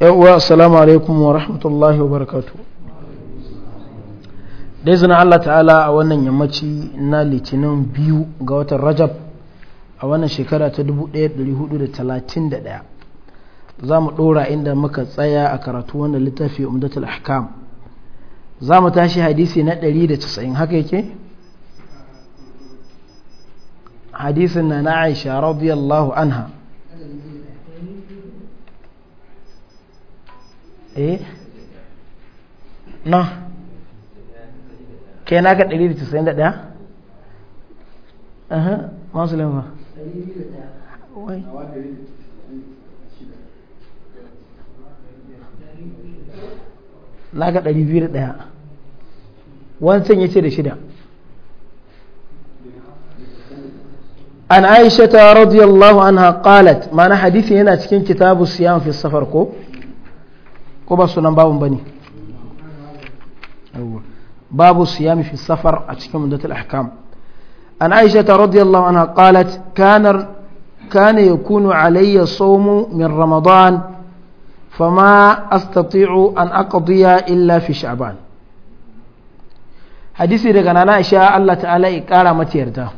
yawwa assalamu alaikum wa rahmatullahi wa barakatu da izinin Allah ta'ala a wannan yammaci na litinin biyu ga watan rajab a wannan shekara ta 1431 za mu ɗora inda muka tsaya a karatu wannan littafi umdatul ahkam za mu tashi hadisi na 190 haka yake hadisin na na aisha radiyallahu anha eh na na ka 191 aha masu lamba na ga 201 wancan ya ce da shida an aisha ta radiyallahu anha qalat mana hadithi yana cikin kitabu siyam fi safar ko ko ba sunan باب الصيام في السفر أتشكم مدة الأحكام عن عائشة رضي الله عنها قالت كان كان يكون علي صوم من رمضان فما أستطيع أن أقضي إلا في شعبان حديثي ده كان عائشة الله تعالى قال ما تيرتا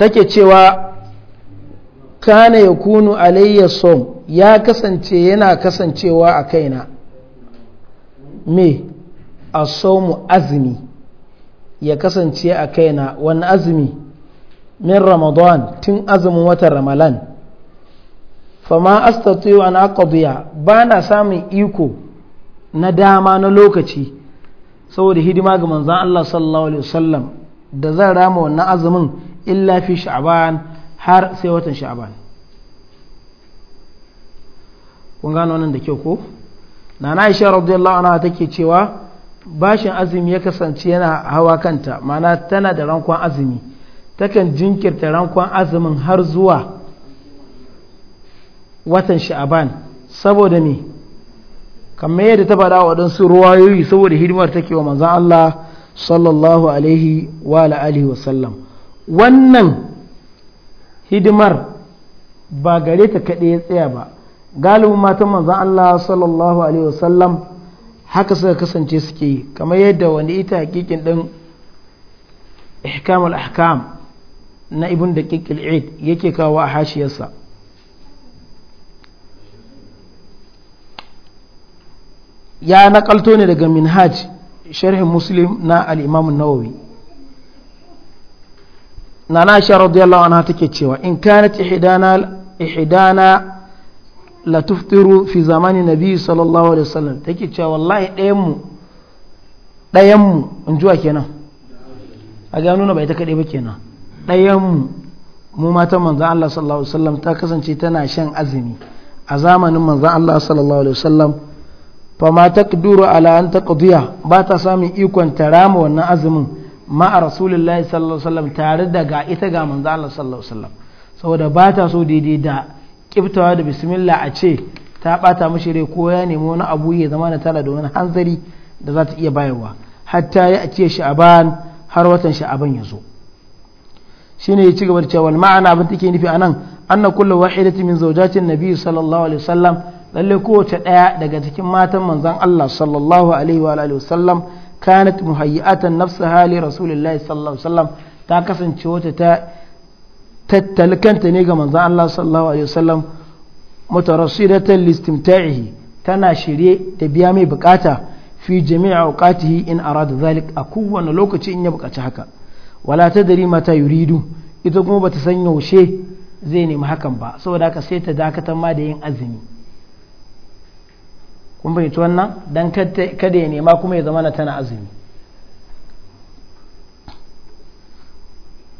تكي كان يكون علي صوم ya kasance yana kasancewa a kaina me a mu azumi ya kasance a kaina wani azumi min ramadan tun azumin watan ramalan fama astatuyu an aqdiya ba na samun iko na dama na lokaci saboda hidima ga manzon Allah sallallahu alaihi wasallam da zan rama wannan azumin illa fi sha'ban har sai watan sha'ban kun gano nan da kyau ko na na isha radiyallahu anha take cewa bashin azumi ya kasance yana hawa kanta mana tana da rankon azumi takan jinkirta rankon azumin har zuwa watan sha'aban saboda me kamar yadda ta faɗa waɗansu ruwayoyi saboda hidimar take wa manzon Allah sallallahu alaihi wa alihi wa sallam wannan hidimar ba gare ta kaɗai ya tsaya ba galibin matan manzan Allah sallallahu alaihi wasallam haka suka kasance suke yi kamar yadda wani ita hakikin din ihkamul ahkam na ibn da kikil id yake kawo a hashiyarsa ya nakalto ne daga minhaj sharhin muslim na al'imamun nawawi na na sha radiyallahu anha take cewa in kanat ihdana ihdana la tuftiru fi zamanin nabi sallallahu alaihi wasallam take cewa wallahi ɗayan mu ɗayan mu in juwa kenan a ga nuna bai ta kaɗai ba kenan ɗayan mu mu matan manzan Allah sallallahu alaihi wasallam ta kasance tana shan azumi a zamanin manzan Allah sallallahu alaihi wasallam fa ma taqduru ala an taqdiya ba ta samun ikon ta rama wannan azumin ma a rasulullahi sallallahu alaihi wasallam tare da ita ga manzan Allah sallallahu alaihi wasallam saboda ba ta so daidai da kiftawa da bismillah a ce ta bata mashi rai ko ya nemi wani abu ya zama na tara da hanzari da za ta iya bayarwa hatta ya ce sha'aban har watan sha'aban ya zo shine ya ci gaba da cewa ma'ana abin take nufi anan anna kullu wahidatin min zawjatin nabiy sallallahu alaihi wasallam lalle kowace daya daga cikin matan manzon Allah sallallahu alaihi wa alihi wasallam kanat muhayyatan nafsaha li rasulillahi sallallahu alaihi wasallam ta kasance wata ta tattalkanta ne ga manzan Allah sallallahu alaihi wasallam mutarassidatan listimta'ihi tana shirye da biya mai bukata fi jami'a awqatihi in arada zalik a kowane lokaci in ya bukaci haka wala ta tadri mata yuridu ita kuma bata san yaushe zai nemi hakan ba saboda haka sai ta dakatar ma da yin azumi kun ta wannan dan kada ya nema kuma ya zama na tana azumi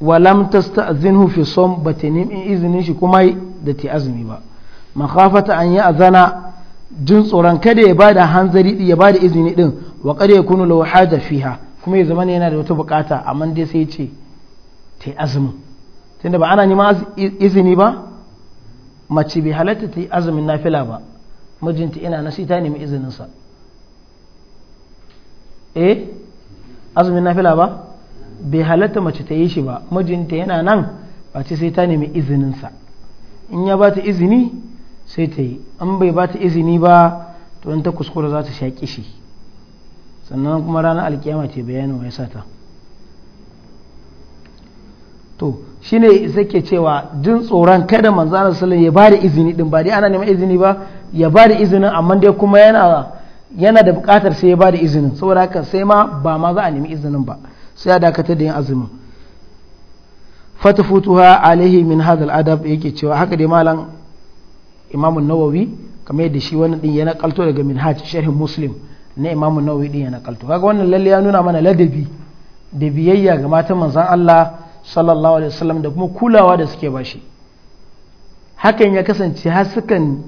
walam tasta'zinhu fi sawm bata nemi izinin shi kuma da ta azumi ba makhafata an ya azana jin tsoron kada ya ba da hanzari ya bada izini din wa kada ya kunu lauha haja fiha kuma ya zama yana da wata bukata amma dai sai ce ta azumin tunda ba ana neman izini ba mace bai halatta ta yi azumin nafila ba mijinta ina nasi ta nemi izininsa eh azumin nafila ba bai halatta mace ta yi shi ba mijinta yana nan ba ce sai ta nemi izininsa in ya bata izini sai ta yi an bai bata izini ba to in ta kuskura za ta sha kishi sannan kuma ranar alkiyama ce bayanin ya sata to shine zake cewa jin tsoron kada manzanar sallan ya ba da izini din ba dai ana neman izini ba ya ba da izinin amma dai kuma yana yana da bukatar sai ya bada da izinin saboda haka sai ma ba ma za a nemi izinin ba sai a dakatar da yin azumi fatafutuha alaihi min hadal adab yake cewa haka dai malam imamun nawawi kamar yadda shi wani din ya nakalto daga minhaj sharhin muslim na imamun nawawi din ya nakalto kaga wannan lalle ya nuna mana ladabi da biyayya ga matan manzon Allah sallallahu alaihi wasallam da kuma kulawa da suke bashi hakan ya kasance har sukan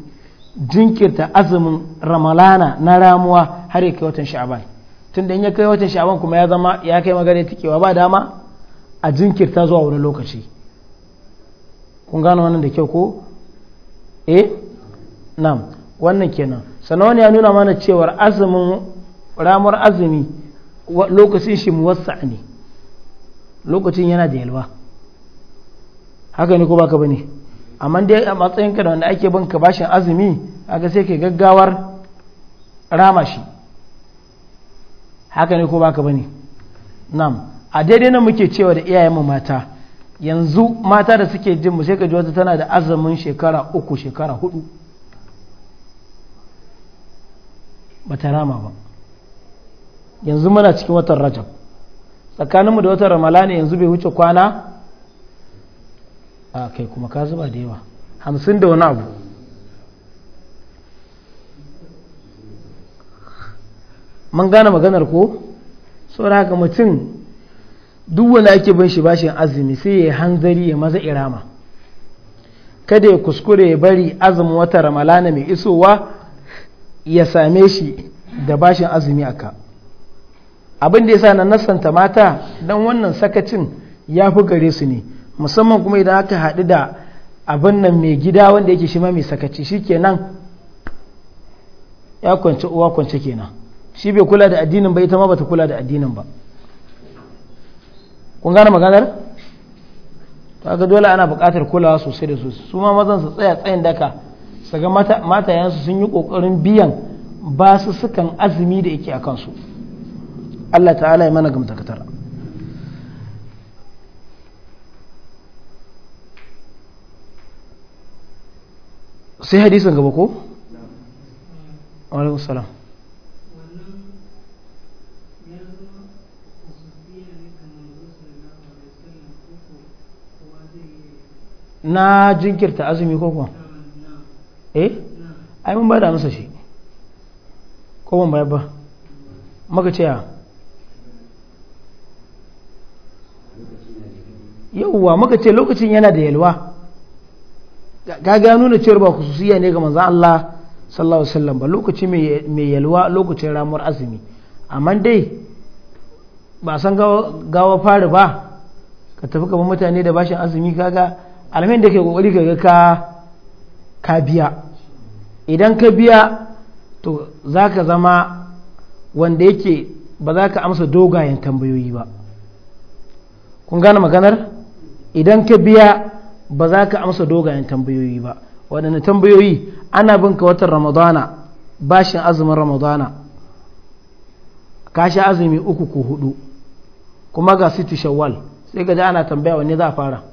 jinkirta azumin ramalana na ramuwa har ya kai watan sha'ban tun da in ya kai watan sha'awan kuma ya zama ya kai magana tikewa ba dama a jinkirta zuwa wani lokaci kun gano wannan da kyau ko eh nan, wannan kenan sannan wani ya nuna mana cewar azumin ramar azumi lokacin shi muwassa ne lokacin yana da yalwa haka ne ko baka bane amma dai a matsayin da wanda ake banka bashin azumi haka sai yi gaggawar rama shi haka ne ko baka bane Nam a daidai nan muke cewa da iyayen mu mata yanzu mata da suke jin mu sai ka ji wata tana da azumin shekara uku shekara hudu ba rama ba yanzu muna cikin watan rajab tsakaninmu da watan ramalani yanzu bai wuce kwana a kai kuma ka zuba da yawa hamsin da wani abu man gane maganar ko saboda haka mutum duk wanda ake bin shi bashin azumi sai ya yi hanzari ya maza irama kada ya kuskure ya bari azumin wata ramalana mai isowa ya same shi da bashin azumi aka abin da ya sa na nasanta mata don wannan sakacin ya fi gare su ne musamman kuma idan aka haɗu da abin nan mai gida wanda yake shi ma mai sakaci shi kenan ya kwanci uwa kwanci kenan shi bai kula da addinin ba ita ma bata kula da addinin ba kun gane maganar ga dole ana buƙatar kulawa sosai da sosai su ma mazan su tsaya tsayin daka su ga matayensu sun yi ƙoƙarin biyan ba su sukan azumi da yake a kansu Allah ta'ala ya mana gamtakatar sai hadisin gaba ko? na jinkirta azumi ko kuma eh ai mun ba da amsa shi ko mun bayar ba maka ce yauwa maka ce lokacin yana da yalwa ga ga nuna cewar ba khususiyya ne ga manzon Allah sallallahu alaihi wasallam ba lokaci mai yalwa lokacin ramuwar azumi amma dai ba san gawa fari ba ka tafi gaban mutane da bashin azumi kaga alamin da ke kokari ga ka biya idan ka biya to za ka zama wanda yake ba za ka amsa dogayen tambayoyi ba kun gane maganar idan ka biya ba za ka amsa dogayen tambayoyi ba waɗanda tambayoyi ana bin ka watan ramadana bashin azumin ramadana kashi azumi uku ko hudu kuma ga situ shawwal sai ga ana tambaya wanne za a fara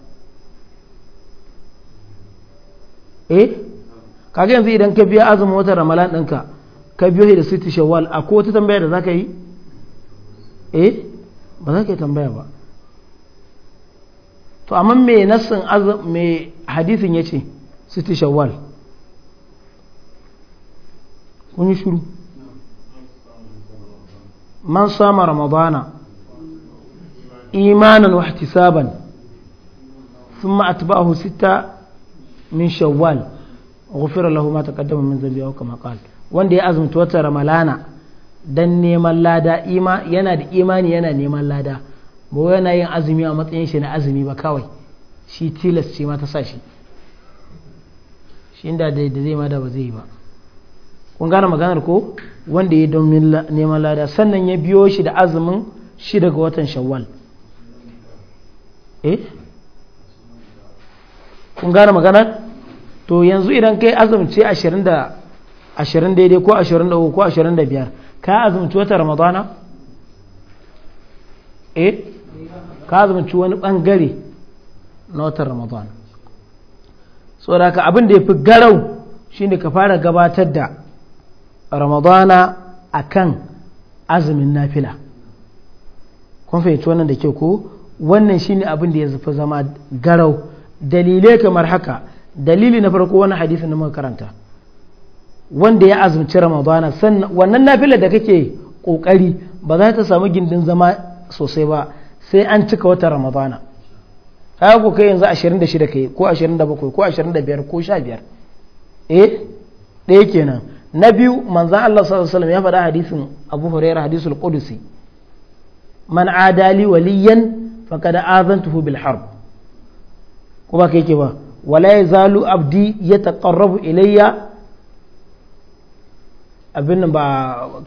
eh kaga yanzu idan ka biya azumin watan ramadan ɗinka ka biyo da siti shawwal a wata tambaya da za ka yi eh ba za ka yi tambaya ba to amma me nassin me hadisin ya ce siti shawwal kun yi shuru man sama ramadana imanan wa ihtisaban ثم أتبعه ستة min shawwal ghufira lahu ma taqaddama min dhanbi aw kama qala wanda ya azumta wata ramalana dan neman lada ima yana da imani yana neman lada ba wai yana yin azumi a matsayin shi na azumi ba kawai shi tilas ce ma ta sa shi shi inda da zai ma da ba zai yi ba kun gane maganar ko wanda ya don neman lada sannan ya biyo shi da azumin shi daga watan shawwal eh kun gane magana to yanzu idan kai azumci 20 da 20 daidai ko 23 ko 25 ka azumci wata ramadana eh ka azumci wani bangare na wata ramadana da ka abin da ya fi garau shine ka fara gabatar da ramadana a kan azumin nafila kun fahimci wannan da ke ko wannan shine abin da ya zafi zama garau dalilai kamar haka dalili na farko wani hadisin da muka karanta wanda ya azumci ramadana sannan wannan nafilar da kake kokari ba za ta samu gindin zama sosai ba sai an cika wata ramadana ka ko kai yanzu 26 kai ko 27 ko 25 ko 15 eh ɗaya kenan na biyu manzan Allah sallallahu alaihi wasallam ya faɗa hadisin Abu Hurairah hadisul Qudusi man adali waliyan faqad azantuhu bil harb ko ba ka yake ba wala ya zalu abdi ya taƙarrabu ilayya abin nan ba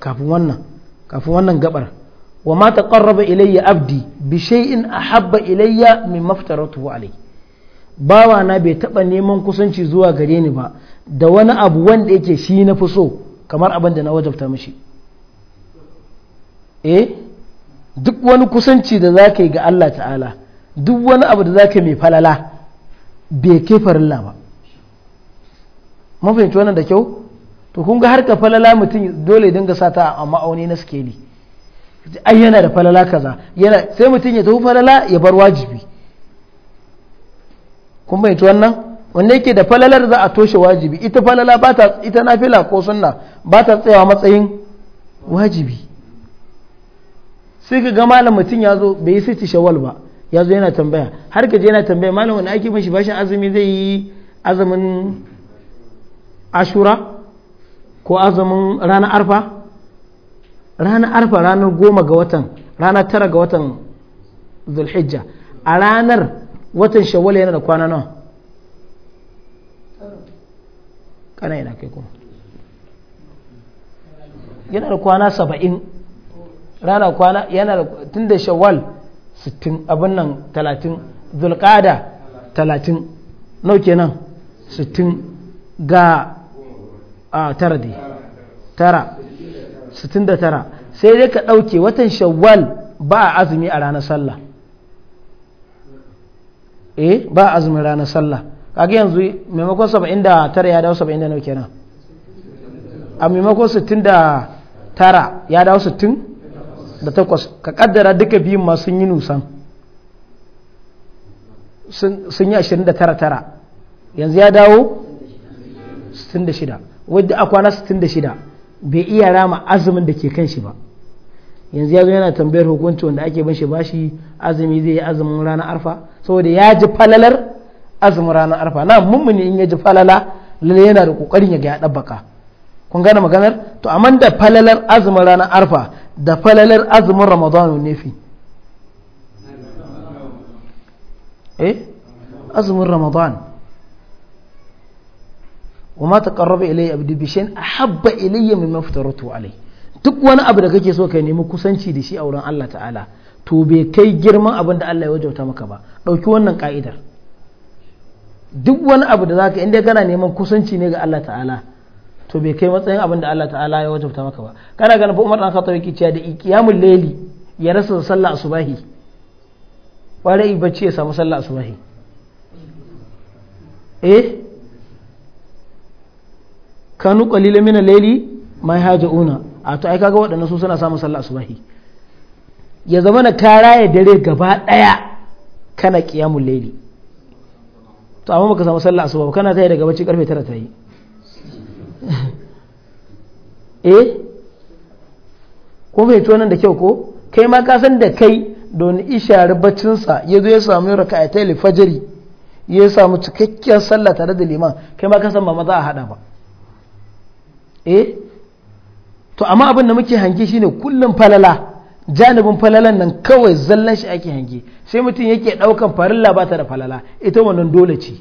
kafin wannan kafin wannan gabar wa ma taqarraba ilayya abdi bi shay'in ahabba ilayya mimma aftaratuhu alayhi bawa na bai taba neman kusanci zuwa gare ni ba da wani abu wanda yake shi na fi so kamar abin da na wajabta mishi eh duk wani kusanci da za ka ga Allah ta'ala duk wani abu da za mai falala bai ke farilla ba mafi wannan da kyau to kun ga har ka falala mutum dole dinga sa ta a ma'auni na sikeli ai yana da falala kaza yana sai mutum ya tafi falala ya bar wajibi kun fahimci wannan wanda yake da falalar za a toshe wajibi ita falala ba ta ita nafila ko sunna ba ta tsayawa matsayin wajibi sai ka ga malam mutum ya zo bai yi sai shawal ba ya zo yana tambaya har ka je yana tambaya malam wani ake mashi bashin azumi zai yi azumin ashura ko azumin ranar arfa ranar arfa ranar goma ga watan ranar tara ga watan zulhijja a ranar watan shawwal yana da kwana nawa kana yana kai kuma yana da kwana saba'in rana kwana yana da tun da shawwal sittin abin nan talatin zulkada talatin nauke nan sittin ga a tara dai tara sittin da tara sai dai ka ɗauke watan shawwal ba a azumi a ranar sallah eh ba a azumi ranar sallah kaga yanzu maimakon saba'in da tara ya dawo saba'in da nauke nan a maimakon sittin da tara ya dawo sittin da takwas ka kaddara duka biyun ma sun yi nusan sun yi ashirin da tara tara yanzu ya dawo sittin da shida wadda a kwana sittin da shida bai iya rama azumin da ke kan shi ba yanzu ya zo yana tambayar hukunci wanda ake ban shi bashi azumi zai yi azumin ranar arfa saboda ya ji falalar azumin ranar arfa na mummuni in ya ji falala lalle yana da kokarin ya ga ya ɗabbaka kun gane maganar to amma da falalar azumin ranar arfa da falalar azumin ramadanu ne fi eh azumin ramadan wa ma taqarraba ilayya abdi bi shay'in ahabba ilayya mimma aftaratu alai duk wani abu da kake so ka nemi kusanci da shi a wurin Allah ta'ala to bai kai girman abin da Allah ya wajauta maka ba ɗauki wannan ka'idar duk wani abu da zaka inda kana neman kusanci ne ga Allah ta'ala to bai kai matsayin abin da Allah ta'ala ya wajabta maka ba kana ganin fa Umar dan Khattab yake cewa da iqiyamul layli ya rasa sallah asubahi ware yi bacci ya samu sallah asubahi eh kanu qalilan min al-layli ma una. a to ai kaga waɗannan su suna samun sallah asubahi ya zama na kara ya dare gaba daya kana qiyamul layli to amma baka samu sallah asubahi kana tayi daga bacci karfe 9 tayi e ko bai tonan da kyau ko kai ma ka san da kai don ishari baccinsa ya zo ya samu raka'atai alfajiri ya samu cikakken sallah tare da liman kai ma ka san ba maza a hada ba e to amma abin da muke hange shine kullum falala janibin falalan nan kawai zallan shi ake hange sai mutum yake daukan farilla ba ta da falala ita wannan dole ce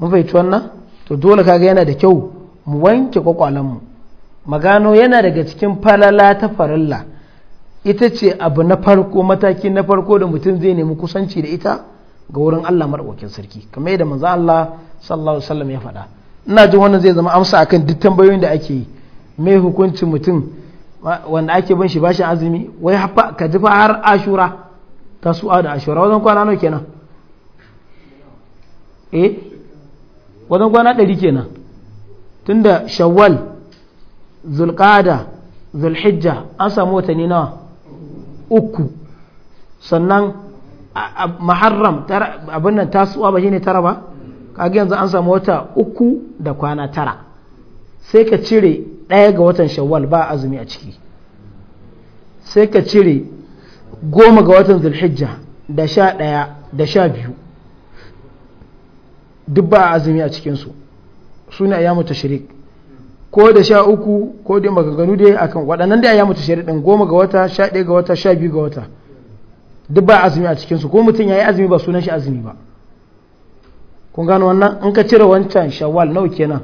mun fahimci wannan to dole kaga yana da kyau mu wanke kwakwalenmu magano yana daga cikin falala ta farilla ita ce abu na farko mataki na farko da mutum zai nemi kusanci da ita ga wurin Allah maɗaukakin sarki kamar yadda manzo Allah sallallahu alaihi wasallam ya faɗa ina jin wannan zai zama amsa akan duk tambayoyin da ake yi mai hukuncin mutum wanda ake bin shi bashin azumi wai hafa ka ji fa har ashura su'a da ashura wajen kwana nawa kenan eh wajen kwana ɗari kenan tunda shawwal zulƙada zulhijja an samu watanni nawa uku sannan maharram abin nan tasuwa ba shine tara ba kaga yanzu an samu wata uku da kwana tara sai ka cire ɗaya ga watan shawwal ba azumi a ciki sai ka cire goma ga watan zulhijja da sha ɗaya da sha biyu duk ba azumi a cikinsu su ne ayyamu tashrik ko da sha uku ko da maganganu dai akan waɗannan da ayyamu tashrik ɗin goma ga wata sha ɗaya ga wata sha biyu ga wata duk ba azumi a cikinsu ko mutum ya yi azumi ba sunan shi azumi ba kun gano wannan in ka cire wancan shawwal nawa kenan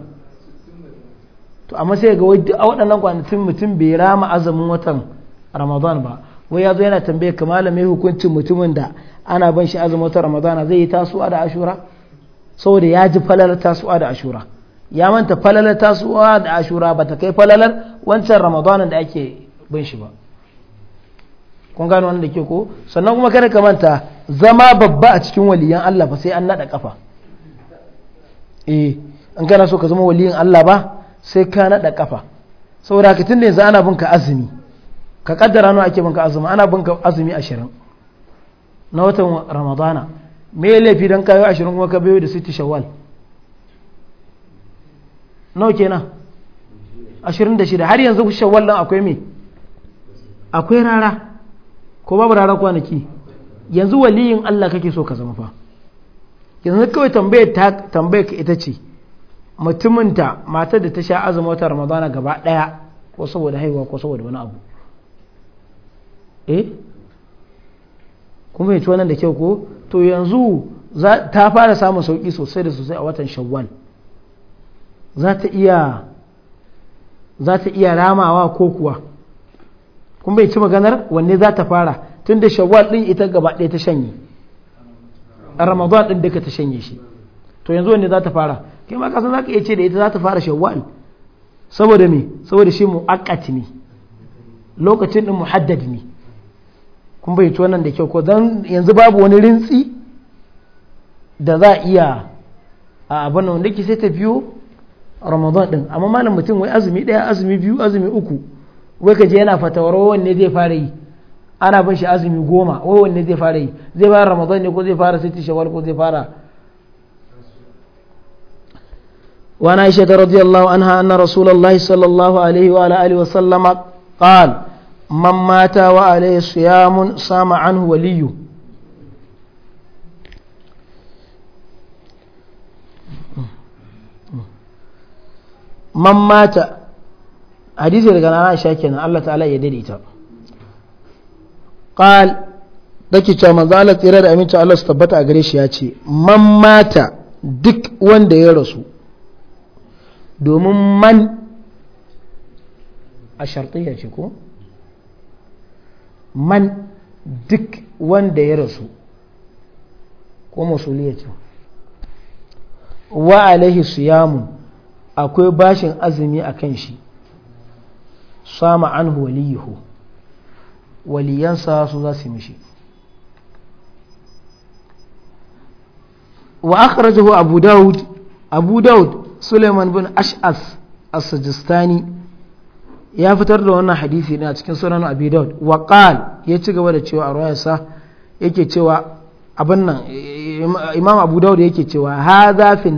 to amma sai ga a waɗannan kwanakin mutum bai rama azumin watan ramadan ba wai ya zo yana tambaye ka malamai hukuncin mutumin da ana ban shi azumin watan ramadana zai yi tasowa da ashura saboda ya ji falalar tasuwa da ashura ya manta falalar tasuwa da ashura ba ta kai falalar wancan ramadanin da ake bin shi ba kun gano wannan da ke ko sannan kuma kada ka manta zama babba a cikin waliyan Allah ba sai an nada kafa eh in kana so ka zama waliyan Allah ba sai ka nada kafa saboda ka tunda yanzu ana binka azumi ka kaddara nawa ake binka azumi ana binka azumi 20 na watan ramadana me laifi don kayo ashirin kuma ka biyo da siti shawwal nawa kenan ashirin da shida har yanzu shawal nan akwai me akwai rara ko babu rara kwanaki yanzu waliyin Allah kake so ka zama fa yanzu kawai tambayar ka ita ce mutuminta matar da ta sha azumin wata ramadana gaba daya ko saboda haihuwa ko saboda wani abu eh kuma ci wannan da kyau ko to yanzu ta fara samun sauki sosai da sosai a watan shawwal za ta iya za ta iya ramawa ko kuwa kun bai ci maganar wanne za ta fara tun da shawwal din ita gaba ɗaya ta shanye A ramadan din duka ta shanye shi to yanzu wanne za ta fara kai ma kasan za ka iya ce da ita za ta fara shawwal saboda me saboda shi mu'akkati ne lokacin din muhaddadi ne kun ci wannan da kyau ko don yanzu babu wani rintsi da za a iya a abin wanda ke sai ta biyo ramadan din amma malam mutum wai azumi ɗaya azumi biyu azumi uku wai ka je yana fatawar wanne zai fara yi ana bin shi azumi goma wai wanne zai fara yi zai fara ramadan ne ko zai fara sai shawwal ko zai fara وعن عائشة رضي الله عنها أن رسول الله صلى الله عليه وعلى آله وسلم قال من مات وعليه صيام صام عنه وليه من مات hadisi daga na Aisha kenan Allah ta'ala ya daidaita qal dake cewa manzo Allah tsira da aminci Allah su tabbata a gare shi ya ce man mata duk wanda ya rasu domin man a shartiyya ce ko man duk wanda ya rasu ko masuliya ce wa alaihi siyamun akwai bashin azumi a kan shi sama an waliyu waliyansa su za su mishi wa rajahu abu daud abu daud suleiman bin ash'as as-sajistani ya fitar da wannan hadisi ne cikin sunan abi daud wa qal ya ci gaba da cewa a ruwayarsa yake cewa abin nan imam abu daud yake cewa hadha fi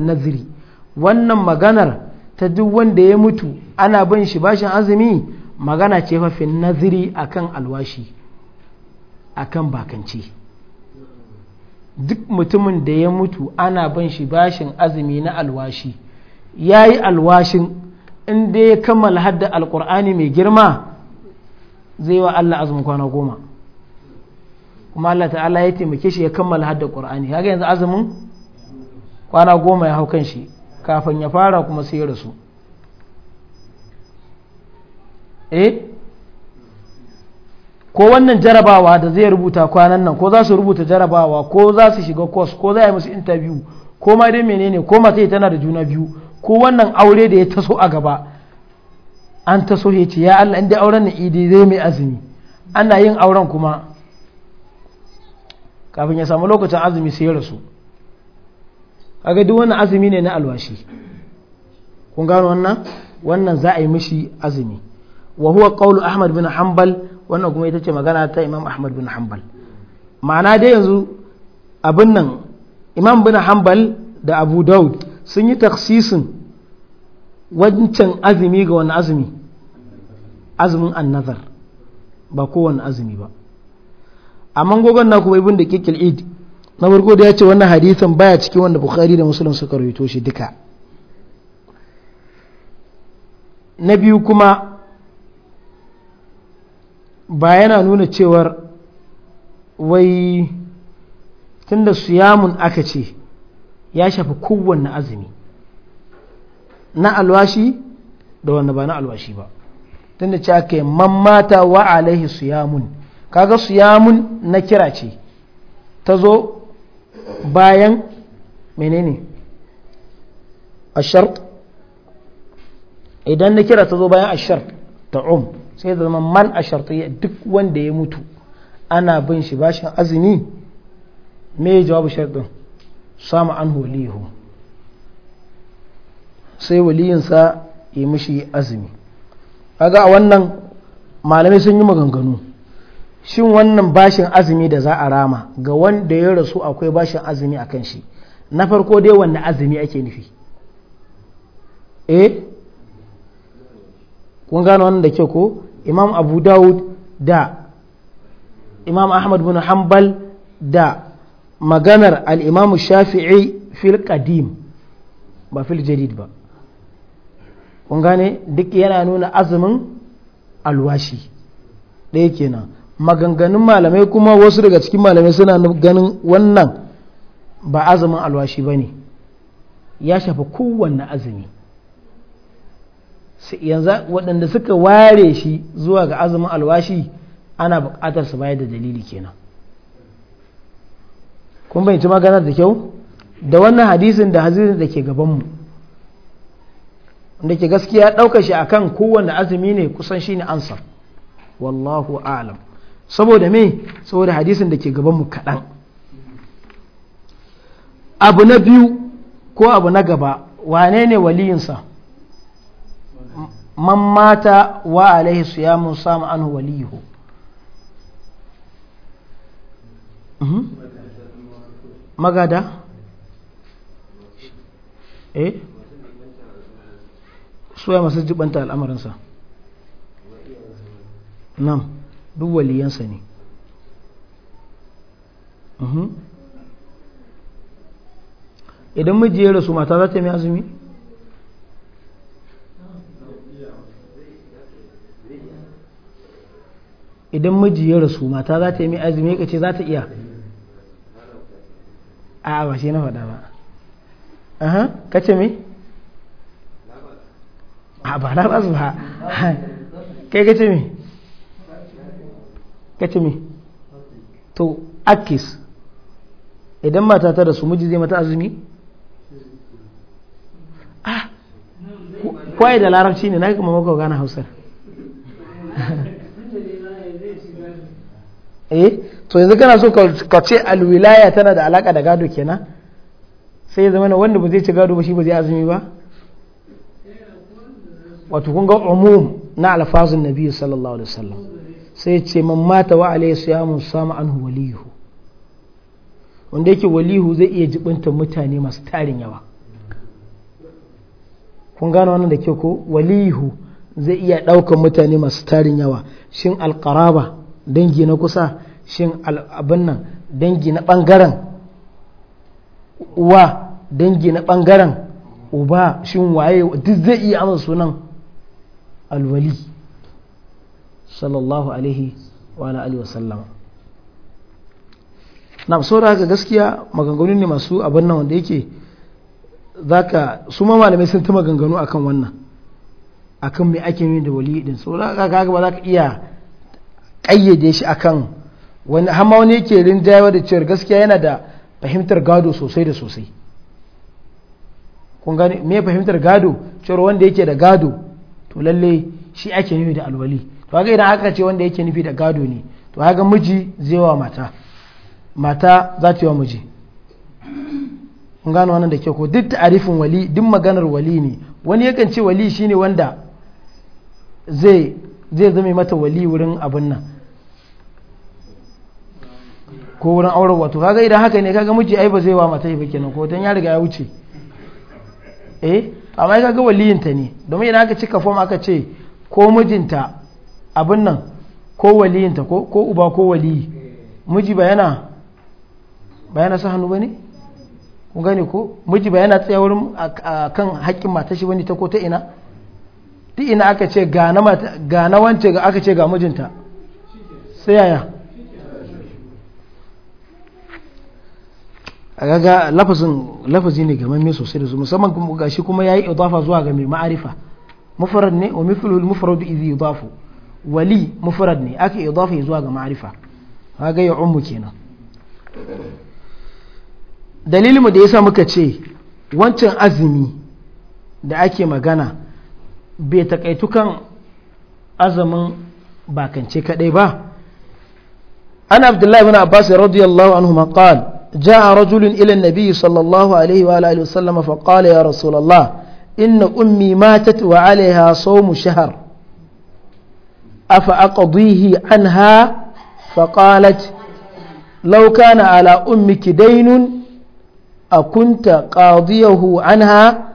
wannan maganar ta duk wanda ya mutu ana bin shi bashin azumi magana ce fa fi akan alwashi akan bakanci duk mutumin da ya mutu ana bin shi bashin azumi na alwashi yayi alwashin in dai ya kammala hadda alkur'ani mai girma zai wa Allah azumin kwana goma kuma Allah ta'ala ya taimake shi ya kammala hadda alkur'ani kaga yanzu azumin kwana goma ya hau kan shi kafin ya fara kuma sai ya rasu eh ko wannan jarabawa da zai rubuta kwanan nan ko za su rubuta jarabawa ko za su shiga course ko za a yi musu interview ko ma dai menene ko sai tana da juna biyu ko wannan aure da ya taso a gaba an taso ya ce ya Allah inda auren na idi zai mai azumi ana yin auren kuma kafin ya samu lokacin azumi sai ya rasu kaga duk wannan azumi ne na alwashi kun gano wannan wannan za a yi mishi azumi wa huwa qawlu ahmad bin hanbal wannan kuma ita ce magana ta imam ahmad bin hanbal ma'ana dai yanzu abin nan imam bin hanbal da abu daud sun yi taksisin wancan azumi ga wani azumi azumin annazar ba kowane azumi ba amma gogon na kuma ibin da kekil id na farko da ya ce wannan hadisin baya cikin wanda bukhari da musulun suka rubuto shi duka na biyu kuma ba yana nuna cewar wai tunda suyamun aka ce ya shafi kowanne azumi na alwashi da wanda ba na alwashi ba tun da cewa man mata wa alaihi suyamun kaga suyamun na kira ce ta zo bayan menene ashart idan na kira ta zo bayan ashart ta um sai da zama man ashart duk wanda ya mutu ana bin shi bashin azumi me jawabu sharɗin samu an walihu sai waliyinsa ya mishi azumi kaga a wannan malamai sun yi maganganu shin wannan bashin azumi da za a rama ga wanda ya rasu akwai bashin azumi a kan shi na farko dai wanda azumi ake nufi eh kun gano wannan da ke ko imam abu dawud da imam ahmad bin hanbal da maganar al'imamu shafi'i fil ƙadim ba fil jadid ba kun gane duk yana nuna azumin alwashi ɗaya kenan maganganun malamai kuma wasu daga cikin malamai suna ganin wannan ba azumin alwashi ba ne ya shafa kowanne azumi yanzu waɗanda suka ware shi zuwa ga azumin alwashi ana bukatar su bayar da dalili kenan kun bai ci maganar da kyau da wannan hadisin da hadisin da ke gabanmu wanda ke gaskiya ɗauka shi a kan kowane azumi ne kusan shi ne ansa. wallahu alam saboda me saboda hadisin da ke gabanmu kaɗan abu na biyu ko abu na gaba wane ne waliyinsa man mata wa alaihi samu an waliyu mhm. magada eh ya masu jibanta al'amarinsa nan duk waliyansa ne mhm. idan miji ya rasu mata za ta yi azumi idan miji ya rasu mata za ta yi azumi ya ce za ta iya a ba shi na faɗa ba aha ce me a ba na ba su ba kai kace me ce me to akis idan mata ta rasu miji zai mata azumi ah kwaye da larabci ne na kuma mako gana hausar eh to yanzu kana so ka ce alwilaya tana da alaka da gado kenan sai ya zama wanda ba zai ci gado ba shi ba zai azumi ba wato kun ga umum na alfazun nabi sallallahu alaihi wasallam sai ya ce man mata wa alaihi siyamun sama anhu walihu wanda yake walihu zai iya jibinta mutane masu tarin yawa kun gano wannan da ke ko walihu zai iya ɗaukan mutane masu tarin yawa shin alƙaraba dangi na kusa shin abin nan dangi na ɓangaren uwa dangi na bangaren uba shin waye duk zai iya amsa sunan alwali sallallahu alaihi wa alihi wasallama na so da haka gaskiya maganganu ne masu abin nan wanda yake zaka su ma malamai sun ta maganganu akan wannan akan mai ake yi da wali din saboda da haka ba za ka iya ƙayyade shi akan wani amma wani yake rinjayewa da cewar gaskiya yana da fahimtar gado sosai da sosai kun gani me fahimtar gado cewar wanda yake da gado to lalle shi ake nufi da alwali to haka idan aka ce wanda yake nufi da gado ne to haka miji zai wa mata mata za ta yi wa miji kun gano wannan da ke ko duk ta'arifin wali duk maganar wali ne wani yakan ce wali shine wanda zai zai zama mata wali wurin abin nan ko wurin auren wato kaga idan haka ne kaga miji ai ba zai wa mata ba kenan ko dan ya riga ya wuce eh amma ai kaga ta ne domin idan aka cika form aka ce ko mijinta abin nan ko ta ko ko uba ko waliyi miji ba yana ba yana sa hannu bane kun gane ko miji ba yana tsaya wurin kan haƙƙin mata shi bane ta ko ta ina ta ina aka ce ga na wance aka ce ga mijinta sai yaya kaga lafazin lafazi ne gamamme sosai da su musamman kuma gashi kuma yayi idafa zuwa ga mai ma'arifa mufrad ne wa mithluhu al-mufrad idhi yudafu wali mufrad ne aka idafa zuwa ga ma'arifa kaga ya ummu kenan dalilin mu da yasa muka ce wancan azumi da ake magana bai takaitu kan azumin bakance kadai ba ana abdullahi ibn abbas radiyallahu anhu qala جاء رجل إلى النبي صلى الله عليه وآله وسلم فقال يا رسول الله إن أمي ماتت وعليها صوم شهر أفأقضيه عنها فقالت لو كان على أمك دين أكنت قاضيه عنها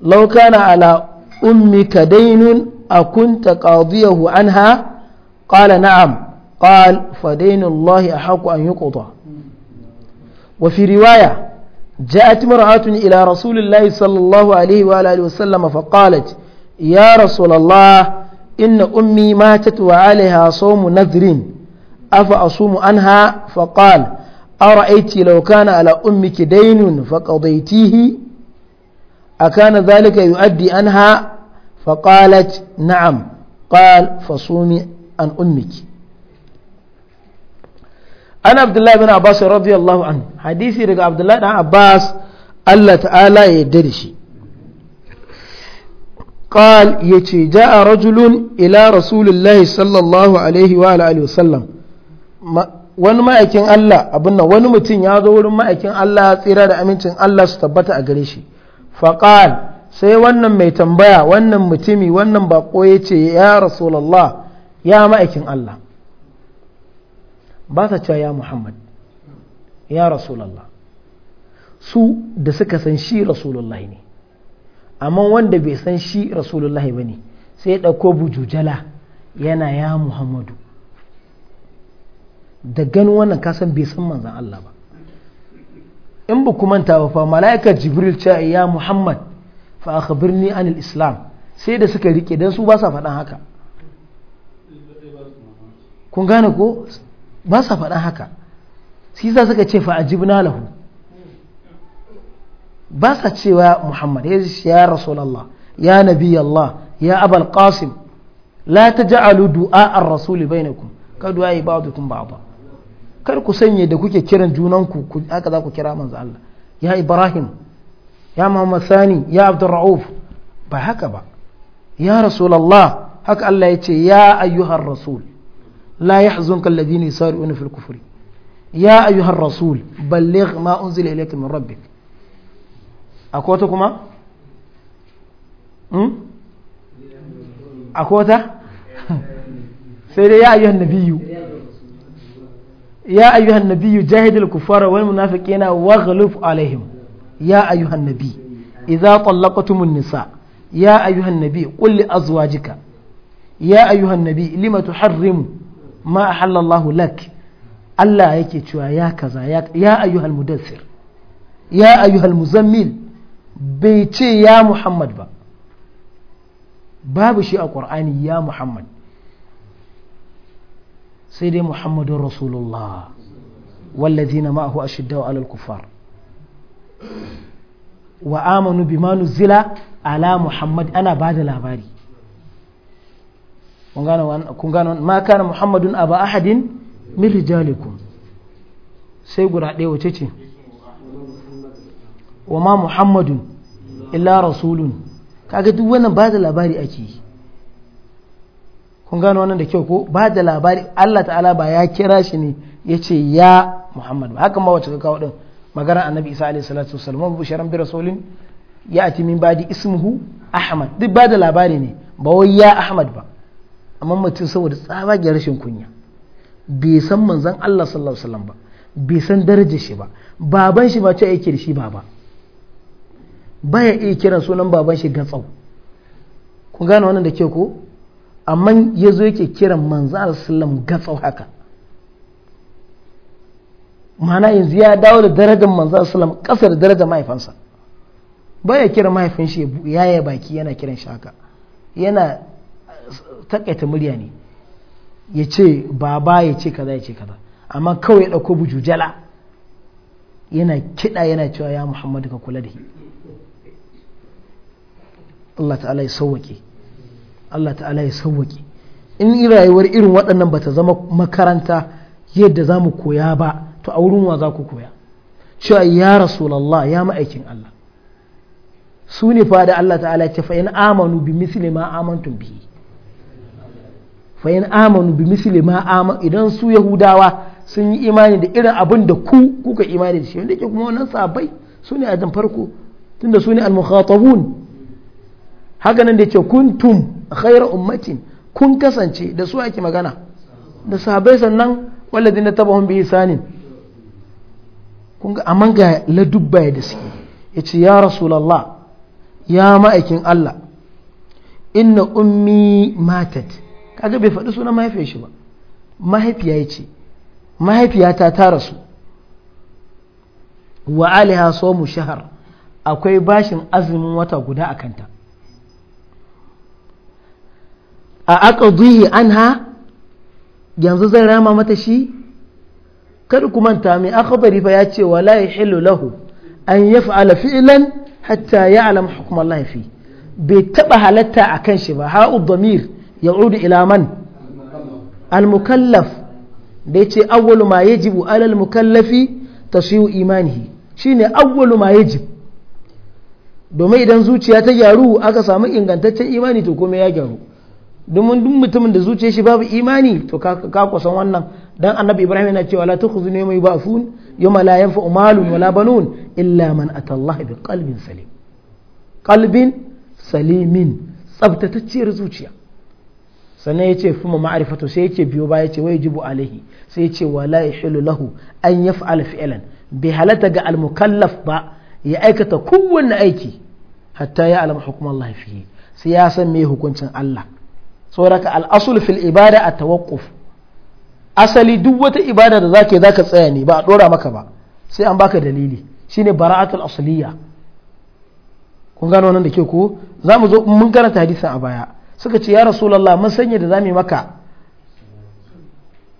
لو كان على أمك دين أكنت قاضيه عنها قال نعم قال فدين الله أحق أن يقضى وفي رواية جاءت مرأة إلى رسول الله صلى الله عليه وآله وسلم فقالت يا رسول الله إن أمي ماتت وعليها صوم نذر أفأصوم عنها فقال أرأيت لو كان على أمك دين فقضيتيه أكان ذلك يؤدي عنها فقالت نعم قال فصومي عن أمك ana abdullahi bin abbas radiyallahu anhu hadisi daga abdullahi dan abbas Allah ta'ala ya yarda da shi قال يتي جاء رجل إلى ila الله صلى الله عليه وآله wani ma'aikin Allah abin nan wani mutum ya zo wurin ma'aikin Allah tsira da amincin Allah su tabbata a gare shi faqal sai wannan mai tambaya wannan mutumi wannan bako ya ya rasulallah ya ma'aikin Allah ba sa cewa ya muhammad ya rasulallah su da suka san shi rasulullahi ne amma wanda bai san shi rasulullahi ba ne sai ɗauko bujujala yana ya muhammadu da ganin wannan kasan bai san manzan Allah ba in ba kuma ta fa mala'ikar jibril ce ya muhammad fa akhbirni anil islam sai da suka rike dan su ba sa faɗan haka kun gane ko ba sa faɗa haka shi za suka ce fa ajibna lahu ba sa cewa muhammad ya ya rasulallah ya nabi allah ya abal qasim la taj'alu du'a ar-rasuli bainakum ka du'a ibadukum ba'da kar ku sanya da kuke kiran junanku haka za ku kira manzo Allah ya ibrahim ya muhammad sani ya ra'uf ba haka ba ya rasulallah haka Allah ya ce ya ayyuhar rasul لا يحزنك الذين يسارعون في الكفر يا أيها الرسول بلغ ما أنزل إليك من ربك أكوتكما أكوتا سيدي يا أيها النبي يا أيها النبي جاهد الكفار والمنافقين واغلف عليهم يا أيها النبي إذا طلقتم النساء يا أيها النبي قل لأزواجك يا أيها النبي لما تحرم ma lak Allah yake cewa ya kaza ya ayyuhal mudassir ya ayyuhal muzammil bai ce ya Muhammad ba babu shi a ƙur'ani ya Muhammad sai dai Muhammadun Rasulullah na ma'ahu ashiddau alal kufar wa amanu bima nuzila ala Muhammad ana ba da labari kun gano ma kana muhammadun aba ahadin min rijalikum sai guda ɗaya wace ce wa ma muhammadun illa rasulun kaga duk wannan ba da labari ake yi kun gano wannan da kyau ko ba da labari Allah ta'ala ba ya kira shi ne ya ce ya muhammadu ba ma wace ka kawo ɗin magana annabi isa alaihi salatu wasallam bu sharan bi rasulin ya ati min badi ismuhu ahmad duk ba da labari ne ba wai ya ahmad ba amma mutum saboda tsabagen rashin kunya bai san manzan Allah sallallahu alaihi wasallam ba bai san darajar shi ba baban shi ba ce yake da shi baba baya iya kiran sunan baban shi gatsau ku gane wannan da ke ko amma ya zo yake kiran manzan Allah sallallahu gatsau haka mana yanzu ya dawo da darajar manzan sallam ƙasa da darajar mahaifansa baya kiran mahaifin shi yaya baki yana kiran shi haka yana takaita murya ne ya ce baba ya ce kaza ya ce kaza amma kawai ya ɗauko bujujala yana kiɗa yana cewa ya muhammadu ka kula da shi Allah ta'ala ya sauwaƙe Allah ta'ala ya sauwaƙe in rayuwar irin waɗannan ba ta zama makaranta yadda za mu koya ba to a wurin wa za ku koya cewa ya rasulallah ya ma'aikin Allah su ne fa da Allah ta'ala ya ce fa in amanu bi misli ma amantum bihi fa amanu bi misli ma aman idan su yahudawa sun yi imani da irin abin da ku kuka imani da shi wanda yake kuma wannan sabai su ne a dan farko tunda su ne al-mukhatabun haka nan da ce kuntum khayra ummatin kun kasance da su ake magana da sabai sannan walladin na tabahun bi isanin kun ga amman ga ladubba da su yace ya rasulullah ya ma'aikin Allah inna ummi matat kaga bai faɗi sunan mahaifiyar shi ba mahaifiya ya ce mahaifiyata ta rasu wa aliha somu shahar akwai bashin azumin wata guda a kanta a aka duhi anha yanzu zan rama mata shi kada ta mai bari fa ya ce wala yahillu lahu an yaf'ala fi'lan hatta ya alama hukumar laifi bai taba halatta kan shi ba ha'u damir ya'udu ila man al-mukallaf da yace awwalu ma yajibu alal mukallafi siyo imanihi shine awwalu ma yajib domin idan zuciya ta gyaru aka samu ingantaccen imani to komai ya gyaru domin duk mutumin da zuciya shi babu imani to ka kusan wannan dan annabi ibrahim yana cewa la tukhzuni yawma yub'athun yawma la yanfa'u malun wala banun illa man atallaha bi qalbin salim qalbin salimin tsabtatacciyar zuciya sannan ya ce fuma ma'arifatu sai ya ce biyo baya ce wai jibu alaihi sai ya ce wala yahillu lahu an yaf'al fi'lan bai halatta ga almukallaf ba ya aikata kowanne aiki hatta ya alama hukumar Allah sai ya san me hukuncin Allah sauraka al'asul fil ibada a tawakkuf asali duk wata ibada da zake zaka tsaya ne ba a ɗora maka ba sai an baka dalili shine bara'atul asliya kun gano nan da ke ko za mu zo mun karanta hadisin a baya suka ce ya rasulallah mun sanya da za mu maka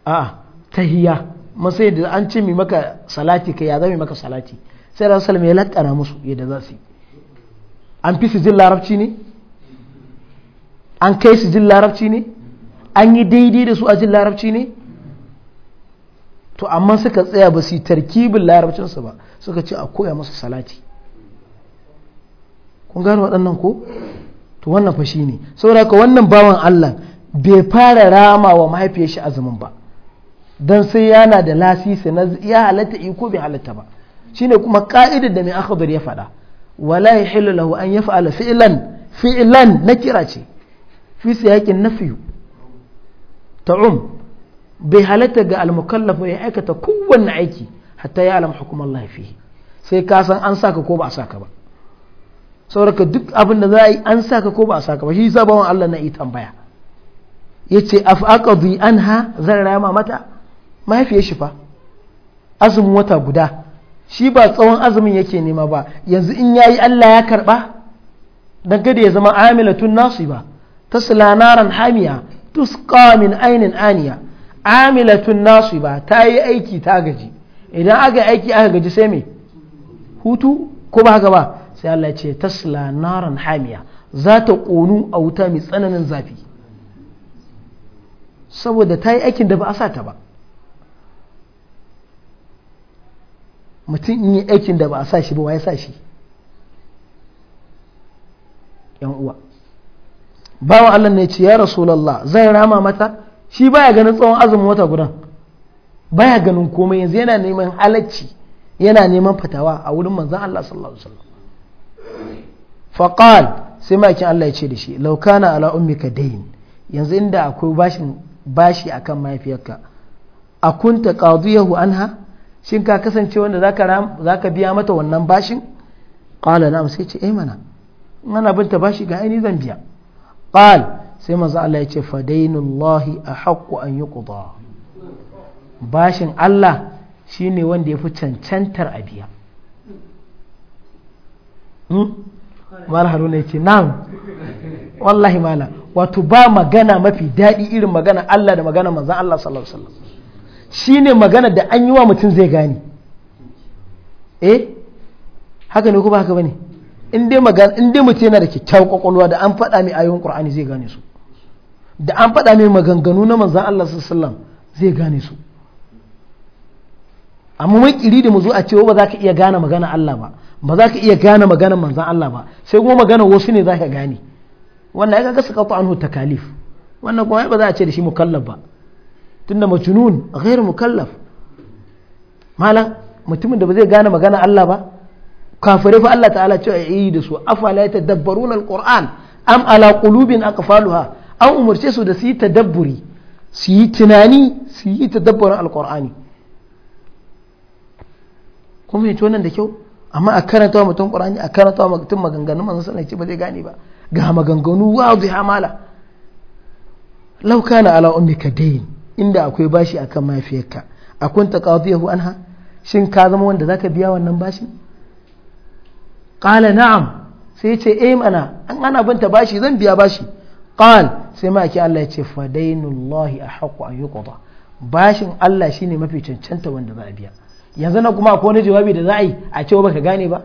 a tahiya mun sanya da an ce mu maka salati kai ya za mu maka salati sai rasul ya lakana musu yadda za su yi an fi su jin larabci ne an kai su jin larabci ne an yi daidai da su a jin larabci ne to amma suka tsaya ba su yi tarkibin larabcinsu ba suka ce a koya masa salati kun gano waɗannan ko to wannan fa shine saboda ka wannan bawan Allah bai fara rama wa mahaifiyar shi azumin ba dan sai yana da lasisi na ya halatta iko bai halatta ba shine kuma ka'idar da mai akhbar ya faɗa wala yahillu lahu an yaf'ala fi'lan fi'lan nakira ce fi siyakin nafiyu ta'um bai halatta ga almukallaf ya aikata kowanne aiki hatta ya alam hukumar lafihi sai ka san an saka ko ba a saka ba sauraka duk abin da za a yi an saka ko ba a saka ba shi yasa bawan Allah na yi tambaya yace af aqdi anha zan rama mata mahaifiyar shi fa azumin wata guda shi ba tsawon azumin yake nema ba yanzu in yayi Allah ya karba dan kada ya zama amilatun nasiba tasla naran hamiya tusqa min ainin aniya amilatun nasiba ta yi aiki ta gaji idan aka yi aiki aka gaji sai me hutu ko ba haka ba sai Allah ce tasla naran hamiya za ta ƙonu a wuta mai tsananin zafi saboda ta yi aikin da ba a sa ta ba mutum in yi aikin da ba a sa shi ba wa ya sa shi uwa bawan Allah ne ce ya rasulallah zai rama mata shi baya ganin tsawon azumin wata Ba baya ganin komai yanzu yana neman halacci yana neman fatawa a wurin manzan Allah sallallahu alaihi wasallam faƙal sai makin Allah ya ce da shi lauka na ala ummika dayn yanzu inda akwai bashin bashi akan mahaifiyarka akunta qadiyahu anha shin ka kasance wanda zaka zaka biya mata wannan bashin qala na sai ce eh mana mana binta bashi ga aini zan biya ƙal sai manzo Allah ya ce dainullahi ahaqqu an yi yuqda bashin Allah shine wanda ya fi cancantar a biya Hmm? mara haruna ya ce nan wallahi mala wato ba magana mafi daɗi irin magana Allah da magana manzan Allah sallallahu alaihi wasallam shine magana da an yi wa mutum zai gane eh haka ne ko ba haka bane in dai in dai mutum yana da kyakkyawar kwakwalwa da an faɗa mai ayoyin Qur'ani zai gane su da an faɗa mai maganganu na manzan Allah sallallahu alaihi wasallam zai gane su amma mun kiri da mu zo a cewa ba za ka iya gane magana Allah ba ba za ka iya gane maganar manzan Allah ba sai kuma maganar wasu ne za ka gane wannan ya ga sakatu anhu takalif wannan kuma ba za a ce da shi mukallaf ba tunda majnun ghairu mukallaf malam mutumin da ba zai gane magana Allah ba kafare fa Allah ta'ala ce a yi da su afala yatadabbaruna alquran am ala qulubin aqfaluha an umarce su da su yi tadabburi su yi tunani su yi tadabburin alqur'ani kuma yace wannan da kyau amma a karanta mutum ƙur'ani a karanta mutum maganganun manzon sallallahu alaihi ba zai gane ba ga maganganu wa'dhi hamala law kana ala ummika dayn inda akwai bashi akan mahaifiyarka akun taqadiyahu anha shin ka zama wanda ka biya wannan bashin qala na'am sai yace eh mana an ana banta bashi zan biya bashi qal sai ma Allah ya ce fa dainullahi ahqqu an yuqda bashin Allah shine mafi cancanta wanda za a biya yanzu na kuma akwai wani jawabi da za a yi a cewa baka gane ba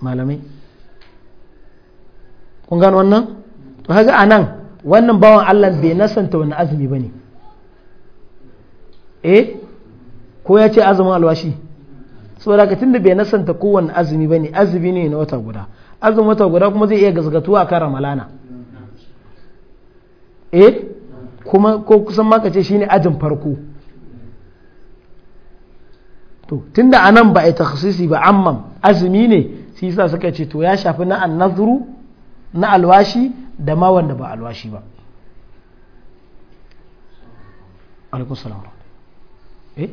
malamai kun gano wannan to haka a nan wannan bawan allah bai nasanta wani azumi ba ne eh ko ya ce azumin alwashi saboda ka tunda bai nasanta kowane azumi ba ne azumi ne na wata guda azumin wata guda kuma zai iya gazgatuwa a kan ramalana eh kuma ko kusan maka ce shine ajin farko to tunda anan ba a takhsisi ba amman azumi ne shi yasa suka ce to ya shafi na annazuru na alwashi da ma wanda ba alwashi ba alaikum salam eh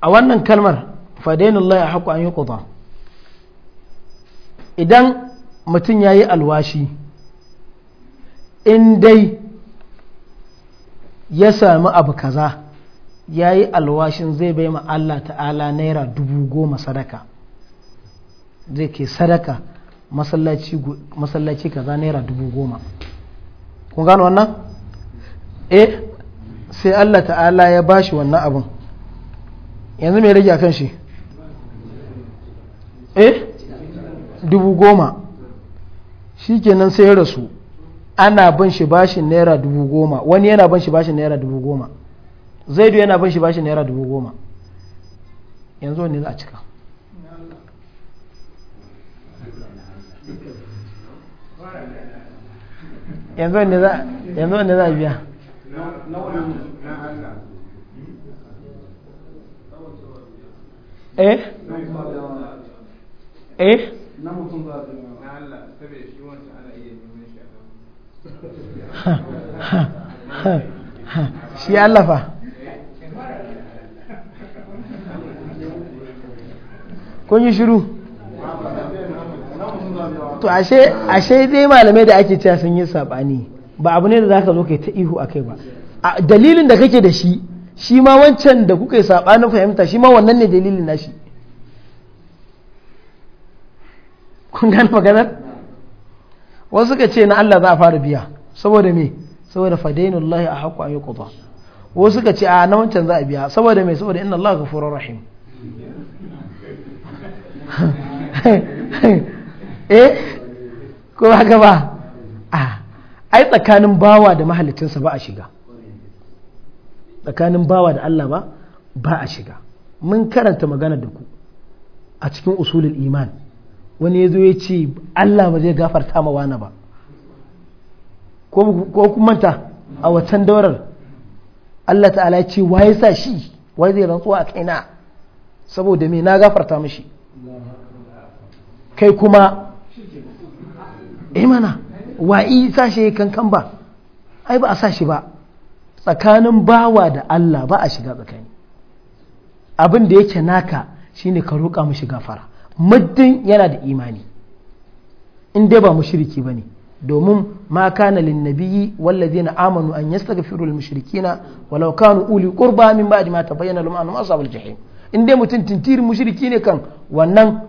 a wannan kalmar fadainullahi haku an yi kuta idan mutum ya yi alwashi in dai ya sami abu kaza ya yi alwashin zai bai ma Allah ta'ala naira dubu goma sadaka zai ke sadaka masallaci kaza naira dubu goma kun gano wannan eh sai Allah ta'ala ya bashi wannan abin yanzu mai rage a kan shi eh dubu goma shi kenan sai ya rasu ana bin shi bashin naira dubu goma wani yana bin shi bashin naira dubu goma zaidu yana bin shi bashin naira dubu goma yanzu wani za a cika yanzu wani za a biya eh eh na mutum za a biya na Allah shi shi ya lafa kun yi shiru to ashe dai malamai da ake cewa sun yi sabani ba abu ne da zaka zo kai ta ihu a kai ba dalilin da kake da shi shi ma wancan da kuka yi sabanin fahimta shi ma wannan ne dalilin nashi kun gane maganar wasu ka ce na Allah za a fara biya saboda me saboda Allah a haƙƙo an yi ƙuba wasu ka ce a na wancan za a biya saboda me saboda inna Allah ghafurur rahim eh ko ba ba a ai tsakanin bawa da mahalicinsa ba a shiga tsakanin bawa da Allah ba ba a shiga mun karanta magana da ku a cikin usulul iman wani ya zo ya ce Allah ba zai gafarta ma wani ba ko kuma manta a waccan daurar Allah ta'ala ya ce wa ya sa shi wai zai rantsuwa a kaina saboda me na gafarta mishi kai kuma imana eh wa isa shi kankan ba ai ba a sa shi ba tsakanin bawa da Allah ba a shiga tsakani abin da yake naka shine ka roƙa mishi gafara muddin yana da imani in dai ba mushriki bane domin ma kana lin nabiyyi na amanu an yastaghfiru lil mushrikina walau kanu uli qurba min ba'di ma tabayyana lahum annahum ashabul jahim in dai mutum tintiri mushriki ne kan wannan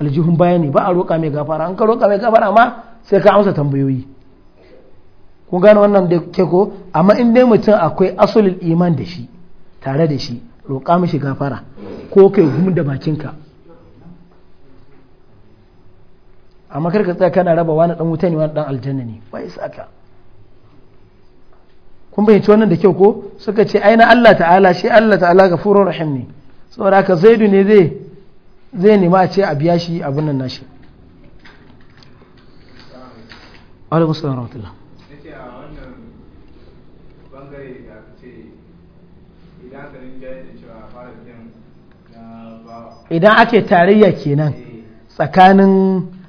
aljihun bayani ba a roƙa mai gafara an ka roƙa mai gafara ma sai ka amsa tambayoyi kun gane wannan da ke ko amma in dai mutum akwai asulul iman da shi tare da shi roƙa mishi gafara ko kai gumin da bakinka amma karka tsaya kana raba wani dan wuta ne wani dan aljanna ne ba isa ka kun bayyace wannan da kyau ko suka ce aina Allah ta'ala shi Allah ta'ala gafurur rahim ne saboda ka zaidu ne zai zai nema a ce a biya shi abin nan nashi alaikum salam rahmatullah a wannan bangare da ce idan cewa fara na idan ake tarayya kenan eh. tsakanin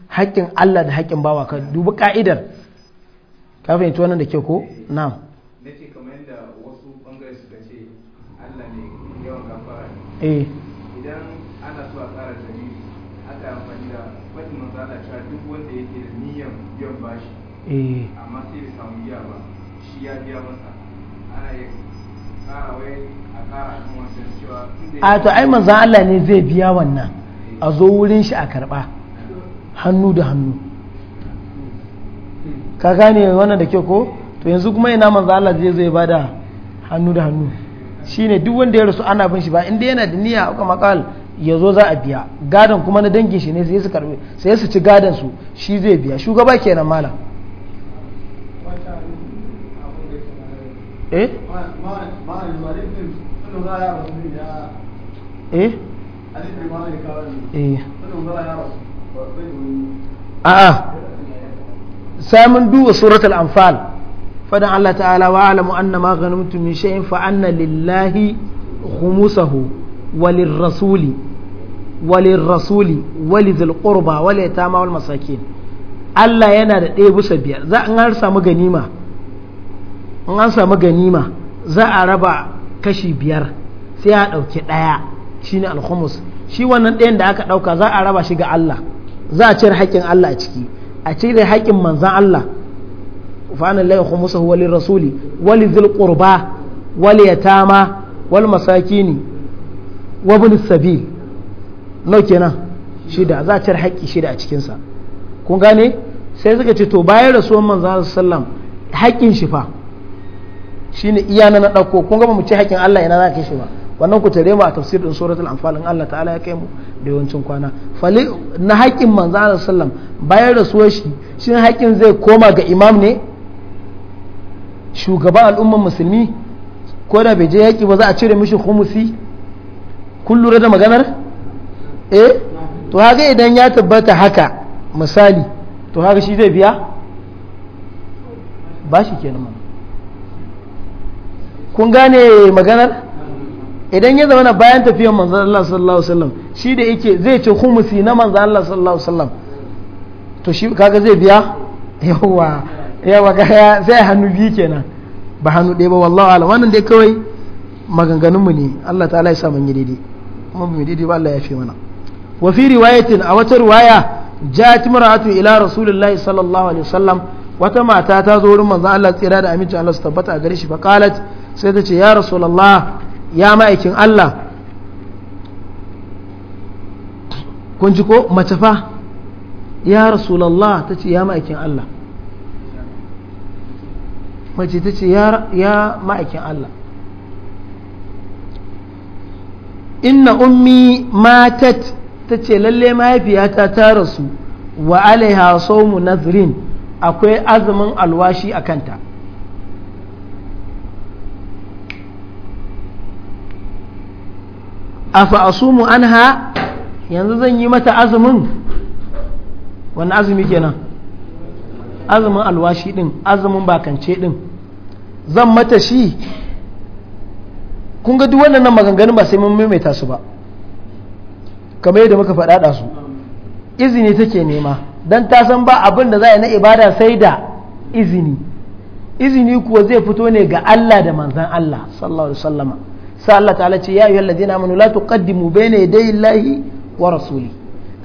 haƙƙin Allah da haƙƙin bawa ka dubi ka'idar ka fahimci wannan da ke ko na'am nace kamar yadda wasu bangare suka ce Allah ne yawan gafara eh idan ana so a tsara dalili aka amfani da fadin manzo Allah cewa duk wanda yake da niyyar biyan bashi eh amma sai bai samu biya ba shi ya biya masa ana yin tsara a tsara kan wancan cewa a to ai manzo Allah ne zai biya wannan eh. a zo wurin shi a karba hannu da hannu ka gane wannan da ke ko to yanzu kuma ina manzo Allah zai zo bada hannu da hannu shine duk wanda ya rasu ana bin shi ba inda yana da niyya aka makal ya zo za a biya gadon kuma na dangin shi ne sai su karbe sai su ci gadon su shi zai biya shugaba kenan malam eh eh eh, eh? a'a sai mun duba suratul anfal Allah ta'ala wa alamu anna ma ghanimtum min shay'in fa anna lillahi khumusahu walin rasuli walidhil qurba wal yatama wal masakin Allah yana da ɗaya bisa biyar za an har samu ganima in an samu ganima za a raba kashi biyar sai a ɗauki ɗaya shine al-khumus shi wannan ɗayan da aka ɗauka za a raba shi ga Allah za a cire haƙƙin Allah a ciki a cire haƙƙin manzan Allah fa'anan la yakhumusahu wa rasuli wa lidhil qurba wa wani wal masakini wa ibn sabil nau kenan shida za a cire haƙƙi shida a cikin sa kun gane sai suka ce to bayan rasuwan manzan sallam haƙƙin shi fa shine iya na dauko kun ga mu ce haƙƙin Allah ina za ka shi ba wannan ku tare mu a tafsir din suratul anfal in Allah ta'ala ya kai mu da yawancin kwana fali na haƙin manzo Allah sallam bayan rasuwar shi shin haƙin zai koma ga imam ne shugaban al'ummar musulmi ko da bai je yaƙi ba za a cire mishi khumusi kun lura da maganar eh to haka idan ya tabbata haka misali to haka shi zai biya ba shi kenan kun gane maganar idan ya zama bayan tafiyan manzan Allah sallallahu alaihi wasallam shi da yake zai ce humusi na manzan Allah sallallahu alaihi wasallam to shi kaga zai biya yawa yawa kaga sai hannu biyu kenan ba hannu ɗaya ba wallahi ala wannan dai kawai maganganun mu ne Allah ta'ala ya sa mun yi daidai kuma mu daidai ba Allah ya fi mana wa fi riwayatin a wata riwaya ja'at mar'atu ila rasulillahi sallallahu alaihi wasallam wata mata ta zo wurin manzan Allah tsira da aminci Allah su tabbata a gare shi fa qalat sai ta ce ya rasulullah ya ma'aikin Allah kun ji ko mace fa ya rasulallah ta ce ya ma'aikin Allah mace ta ce ya ma'aikin Allah inna ummi matat ta ce lalle mahaifiyata ta rasu wa alaiha saumu nazrin akwai azumin alwashi a kanta afa asumu anha yanzu zan yi mata azumin wani azumi kenan azumin alwashi din azumin bakance din zan mata shi kun ga duk wannan maganganun ba sai mun maimaita su ba kamar yadda muka faɗaɗa su izini take nema don ta san ba abin da za yi na ibada sai da izini izini kuwa zai fito ne ga Allah da manzan Allah sallallahu alaihi wasallama sai Allah ta'ala ce ya ayyuhal ladina manu la tuqaddimu bene dai lahi wa rasuli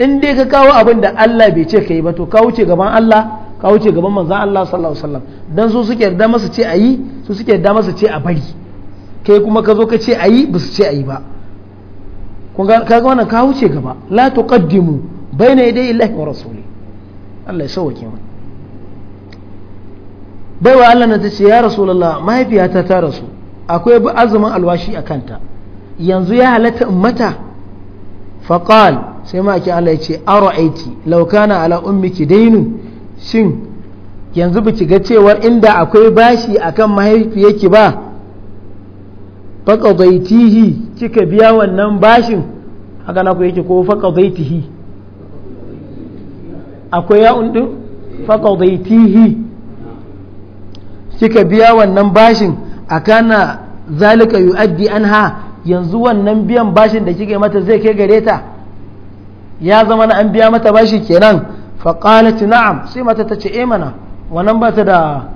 in dai ka kawo abin da Allah bai ce ka ba to ka wuce gaban Allah ka wuce gaban manzan Allah sallallahu alaihi wasallam dan su suke yarda masa ce yi su suke yarda masa ce a bari kai kuma ka zo ka ce a yi ba su ce a yi ba kun ga kaga wannan ka wuce gaba la tuqaddimu bene dai lahi wa rasuli Allah ya sauke baiwa Allah na ta ce ya rasulullah mahaifiyata ta rasu akwai bi azumin alwashi a kanta yanzu ya halatta in mata faqal sai ma'aikin Allah ya ce ara'aiti law kana ala ummiki dainu shin yanzu ki ga cewar inda akwai bashi akan yake ba faqadaitihi kika biya wannan bashin haka na ku yake ko faqadaitihi akwai ya'un din faqadaitihi kika biya wannan bashin a kana zalika yu'addi anha yanzu wannan biyan bashin da kike mata zai kai gare ta ya zama na an biya mata bashi kenan fa qalat na'am sai mata ta tace eh mana wannan ba ta da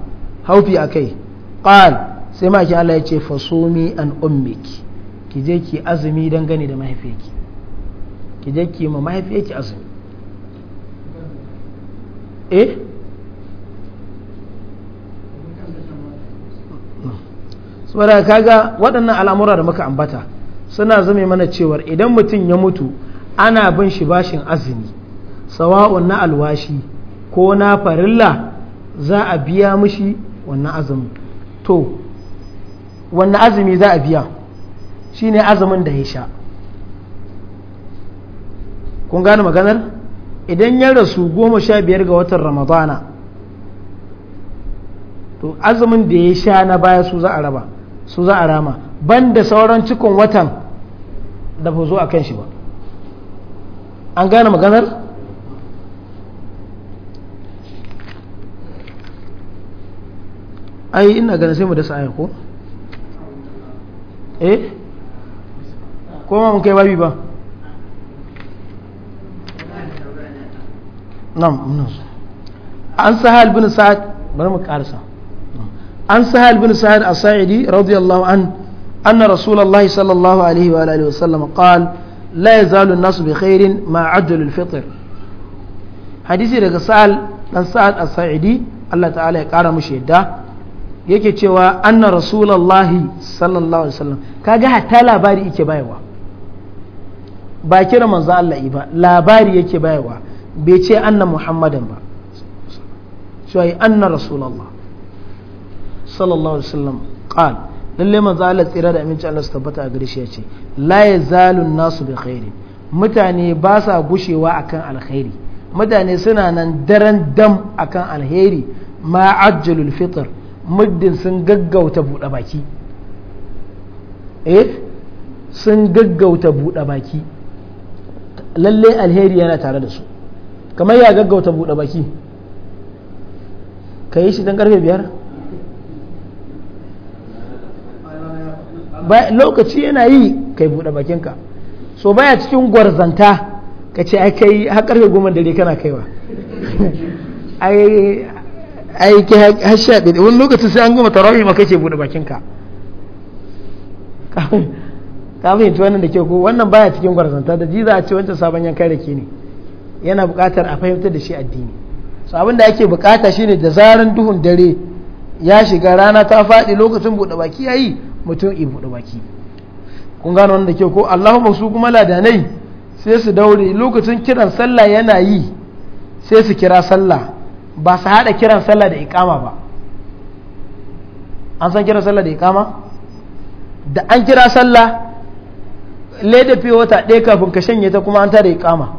haufi a kai qal sai maki Allah ya ce fa mi an ummiki ki je ki azumi dangane da mahaifiyarki ki je ki ma mahaifiyarki azumi eh saboda kaga waɗannan al'amura da muka ambata suna zame mana cewa idan mutum ya mutu ana bin shi bashin azumi sawa'un na alwashi ko na farilla za a biya mishi wannan azumi. to wannan azumi za a biya shine azumin da ya sha kun gane maganar idan ya rasu goma sha biyar ga watan ramadana to azumin da ya sha na baya su za a raba su za a rama ban da sauran cikon watan da ba zo a kan shi ba an gane maganar ai ina gane sai mu da sa'ayin ko eh ma mun kai babi ba nan an sahal bin sa'ad bari mu karsa an sahal bin sa'id a saidi radiyallahu an anna rasulullahi sallallahu alaihi wa alihi wa sallam qala la yazalu an-nasu bi khairin ma ajjalu al-fitr hadisi daga sa'al dan sa'ad as-sa'idi Allah ta'ala ya kara mushi yadda yake cewa anna rasulullahi sallallahu alaihi wa wasallam kaga hatta labari yake bayarwa ba kira manzo Allah ba labari yake bayarwa bai ce anna muhammadan ba sai anna rasulullah sallallahu alaihi wasallam qal lalle manzo Allah tsira da aminci Allah su tabbata a gare shi yace la yazalu nasu bi khairi mutane ba sa gushewa akan alkhairi mutane suna nan daren dam akan alheri ma ajjalul fitr muddin sun gaggauta buɗe baki eh sun gaggauta buɗe baki lalle alheri yana tare da su kamar ya gaggauta buɗe baki ka yi shi don karfe biyar lokaci yana yi kai buɗe bakinka so baya cikin gwarzanta ka ce ai kai har karfe goma dare kana kaiwa ai ai ke har sha ɗaya wani lokacin sai an goma tarawih ma kace buɗe bakinka ka fahimci wannan da ke ko wannan baya cikin gwarzanta da ji za a ce wancan sabon da rake ne yana buƙatar a fahimtar da shi addini so abin da ake buƙata shine da zaran duhun dare ya shiga rana ta faɗi lokacin buɗe baki yayi mutum in buɗe baki kun gano wanda ke ko Allahumma su kuma ladanai sai su daure lokacin kiran sallah yana yi sai su kira sallah ba su haɗa kiran sallah da ikama ba an san kiran sallah da ikama da an kira sallah leda fiye wata ɗaya kafin ka shanye ta kuma an tare ikama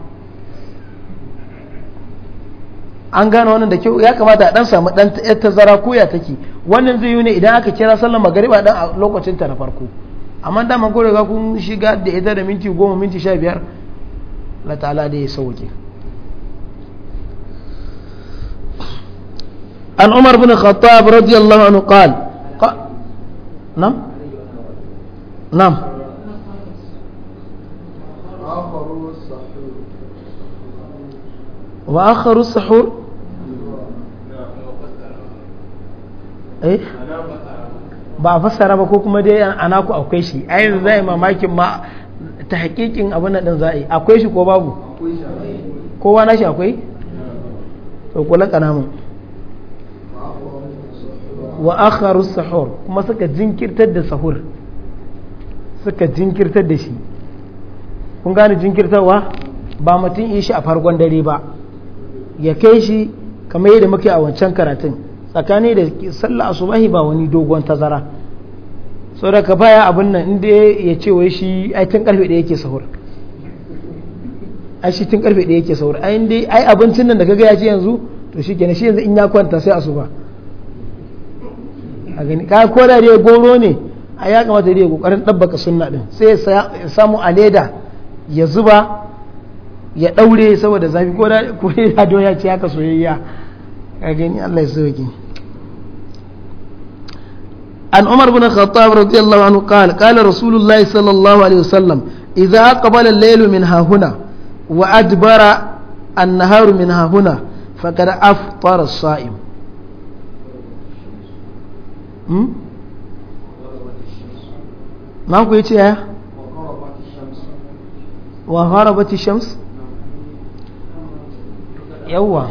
an gane wannan da kyau ya kamata a dan samu dan tazara ko ya take wannan zai yi ne idan aka kira sallar magariba dan a lokacin ta na farko amma man ko ga kun shiga da ita da minti goma minti 15 biyar la ta'ala da ya sauke an umar bin khattab radiyallahu anhu qal nam nam وآخر السحور eh ba a fassara ba ko kuma dai an anaku akwai shi a yanzu zai mamakin ma ta hakikin abin nan za a yi akwai shi ko babu kowa na shi akwai to kula kanamun wa akharu sahur kuma suka jinkirtar da sahur suka jinkirtar da shi kun gane jinkirtarwa ba mutum yi shi a farkon dare ba ya kai shi kamar yadda muke a wancan karatun tsakani da sallah asubahi ba wani dogon tazara saboda ka baya abin nan inda ya ce wai shi ai tun karfe da yake sahur ai shi tun karfe da yake sahur ai inda ai abincin nan da kaga ya ci yanzu to shi kenan shi yanzu in ya kwanta sai asuba a gani ka koda da dai goro ne a ya kamata dai kokarin dabbaka sunna din sai ya samu a leda ya zuba ya daure saboda zafi ko da ko ya ce haka soyayya ka gani Allah ya sauke an Umar bin Khattab radiyallahu anhu qala qala Rasulullahi sallallahu alaihi wasallam idza aqbala al min hahuna wa adbara an-naharu min hahuna faqad aftara as-sa'im hmm? ma ku yace ya wa gharabat ash-shams yawwa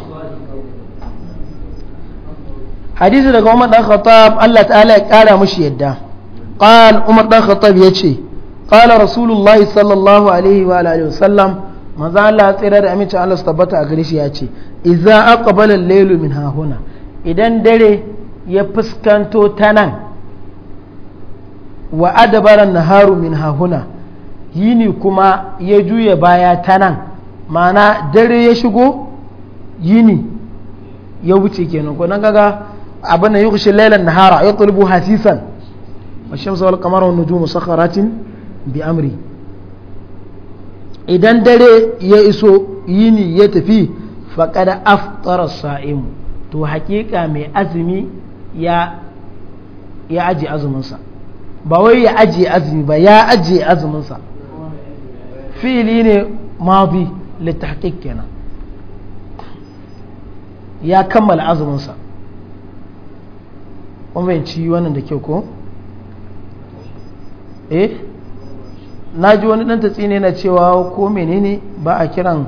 hadisi daga umar dan khattab Allah ta'ala ya kara mushi yadda qal umar dan khattab yace qala rasulullahi sallallahu alaihi wa alihi wasallam manzo Allah tsira da aminci Allah su tabbata a gare shi yace idza aqbala al lailu min hahuna idan dare ya fuskanto ta nan wa adabara naharu min hahuna yini kuma ya juya baya ta nan ma'ana dare ya shigo yini ya wuce kenan ko nan kaga abin da yughshi laylan nahara ya tulbu hasisan washamsu wal qamaru wan nujumu sakharatin bi amri idan dare ya iso yini ya tafi faqad aftara sa'imu to hakika mai azumi ya ya aji ba wai ya ajiye azumi ba ya ajiye azuminsa fili ne madi litahqiq kenan ya kammala azuminsa kuma ci wannan da kyau ko eh na ji wani ɗan tatsine na cewa ko menene ba a kiran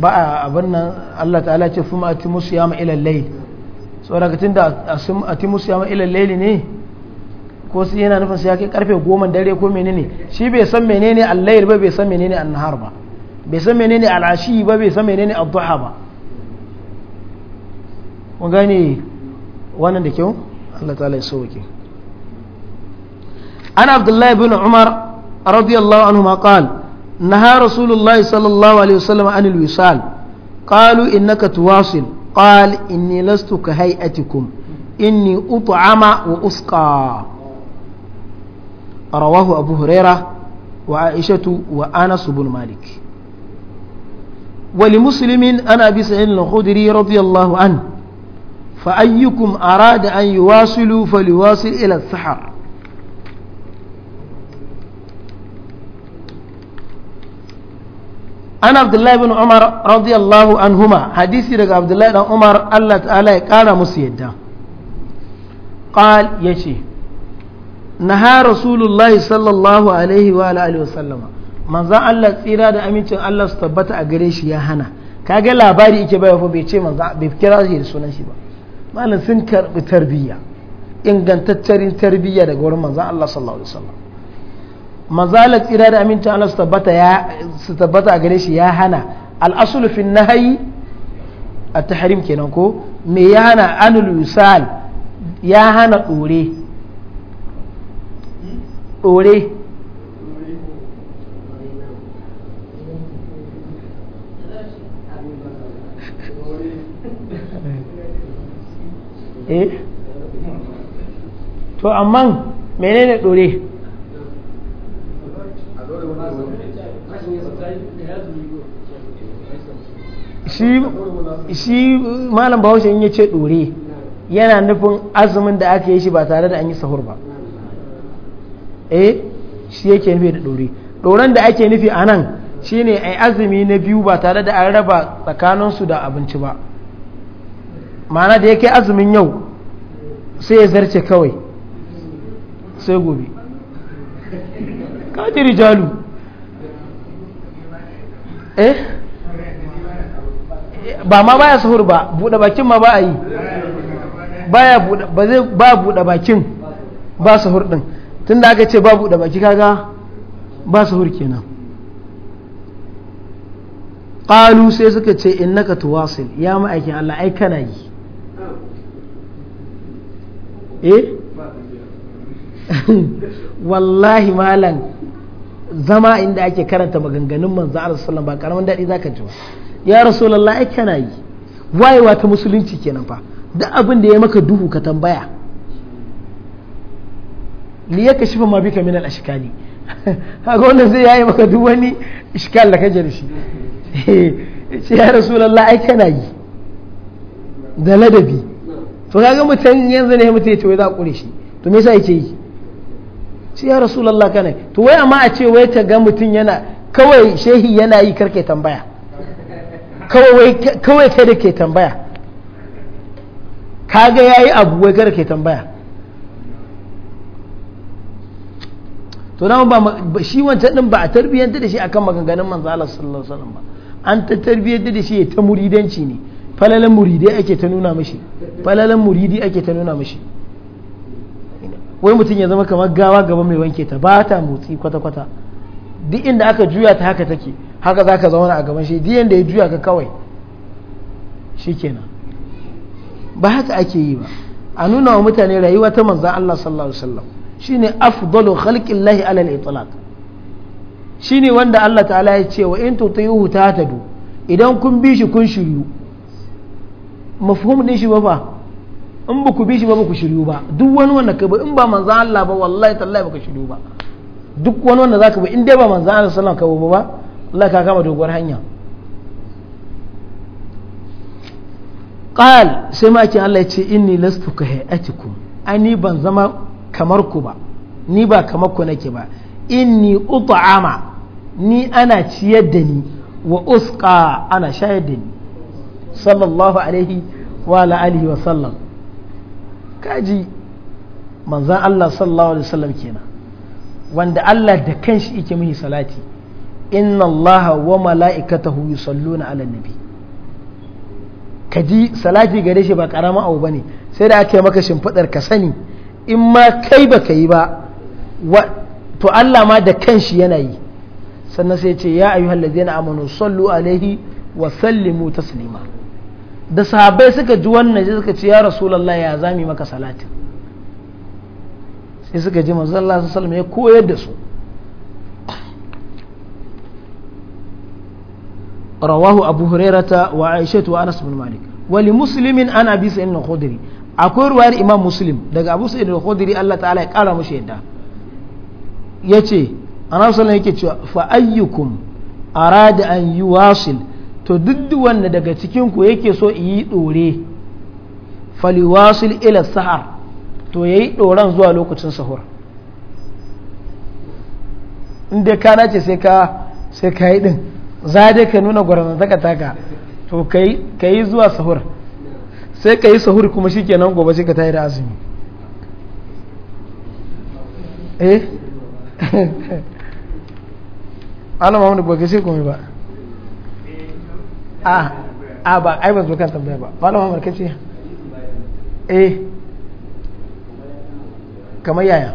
ba a abin nan Allah ta'ala ce fuma ati musu yama ilal layl tun da tunda ati musu yama ilal layl ne ko su yana nufin sai ya kai karfe goma dare ko menene shi bai san menene al-layl ba bai san menene an-nahar ba bai san menene al-ashi ba bai san menene ad-duha ba mun gane wannan da kyau Allah ta'ala ya sauke an abdullahi bin umar radiyallahu anhu ma qal naha rasulullah sallallahu alaihi wasallam an alwisal qalu innaka tuwasil qal inni lastu ka hay'atikum inni ut'ama wa usqa rawahu abu hurairah wa aishatu wa anas bin malik ولمسلم أنا أبي سعيد الخدري رضي الله عنه فأيكم أراد أن يواصلوا فليواصل إلى السحر أنا عبد الله بن عمر رضي الله عنهما حديثي رجع عبد الله بن عمر الله تعالى قال مسيدا قال يشي نهى رسول الله صلى الله عليه وآله وسلم من ذا الله تيرا دا أمين الله استبت أجريش يا هنا كاجا لا باري إيش بيا من ذا بيفكر هذه السنة شبه malam sun karbi tarbiyya ingantaccen tarbiyya daga wurin manzan Allah sallallahu alaihi wasallam mazalat tsira da aminta Allah su tabbata ya su tabbata a gare shi ya hana al-aslu fi nahyi at-tahrim kenan ko me ya hana anul yusal ya hana dore dore eh to amma menene dore shi malam bahaushe in ya ce dore yana nufin azumin da aka yi shi ba tare da an yi sahur ba eh shi yake nufi da dore doron da ake nufi a nan shine ai azumi na biyu ba tare da an raba tsakaninsu da abinci ba ma'ana da yake azumin yau sai ya zarce kawai sai gobe kaji rijalu eh ba ma baya sahur ba buɗe bakin ma ba a yi baya ba zai ba buɗe bakin ba sahur ɗin tun da aka ce ba buɗe baki kaga ba sahur kenan ƙalu sai suka ce in naka tuwasil ya ma'aikin Allah ai kana yi eh wallahi malam zama inda ake karanta maganganun manzo Allah sallallahu ba karamin dadi zaka ji ya rasulullah ai kana yi wayewa ta musulunci kenan fa duk abin da ya maka duhu ka tambaya ni ya kashifa ma bika min al-ashkali haka wannan zai yayi maka duk wani iskal da kaje da shi ya rasulullah ai kana yi da ladabi to kaga mutum yanzu ne mutum ya ce wai za a kure shi to me yasa yake yi sai ya rasulullah kana to wai amma a ce wai ta ga mutum yana kawai shehi yana yi karke tambaya kawai kawai ke tambaya kaga yayi abu wai karke tambaya to nan ba shi wancan din ba a tarbiyyanta da shi akan maganganun manzo Allah sallallahu alaihi wasallam ba an ta tarbiyyanta da shi ta muridanci ne falalan muridai ake ta nuna mashi falalan muridi ake ta nuna mashi wai mutum ya zama kamar gawa gaba mai wanke ta ba ta motsi kwata-kwata duk inda aka juya ta haka take haka za ka zauna a gaban shi duk yadda ya juya ka kawai shikenan ba haka ake yi ba a nuna wa mutane rayuwa ta manza Allah sallallahu alaihi wasallam shine afdalu ala al itlaq shine wanda Allah ta'ala ya ce wa in tuti'uhu tahtadu idan kun bi shi kun shiryu mafhum din shi ba fa in ba ku bi shi ba ba ku shiryu ba duk wani wanda ka bi in ba manzan Allah ba wallahi tallahi ba ka shiryu ba duk wani wanda ka bi in dai ba manzan Allah sallallahu alaihi wasallam ka bi ba Allah ka kama doguwar hanya qal sai ma ake Allah ya ce inni lastu ka hayatikum ani ban zama kamar ku ba ni ba kamar ku nake ba inni ut'ama ni ana ciyar da ni wa usqa ana shayar da ni sallallahu alaihi wa alihi wa sallam kaji manzan Allah sallallahu alaihi wasallam kenan wanda Allah da kanshi yake mihi salati inna Allah wa mala'ikatahu yusalluna ala nabi kaji salati gare shi ba karama abu bane sai da aka yi maka shimfidar ka sani in ma kai ba ka yi ba to Allah ma da kanshi yana yi sannan sai ce ya ayyuhal ladina amanu sallu alaihi wa sallimu taslima da sahabbai suka ji wannan sai suka ce ya rasulullah ya zami maka salatin sai suka ji manzo Allah sallallahu ya koyar da su rawahu abu hurairata wa Aishatu wa anas bin malik wa li muslimin an abi sa'id khudri akwai ruwayar imam muslim daga abu sa'id al-khudri Allah ta'ala ya kara mushi yadda yace ce sallallahu alaihi yake cewa fa ayyukum arada an yuwasil to duk wanda daga cikin ku yake so yi dore faliwasul ila sahar to yayi doran zuwa lokacin sahur inda ka nace sai ka sai ka yi din za dai ka nuna gwarzantaka taka to ka yi zuwa sahur sai ka yi sahur kuma shikenan gobe sai ka tayi da azumi eh alama wani ba ka sai komai ba a ah, a ah, ba ai ba zo kan tambaya ba malama markaci eh kamar yaya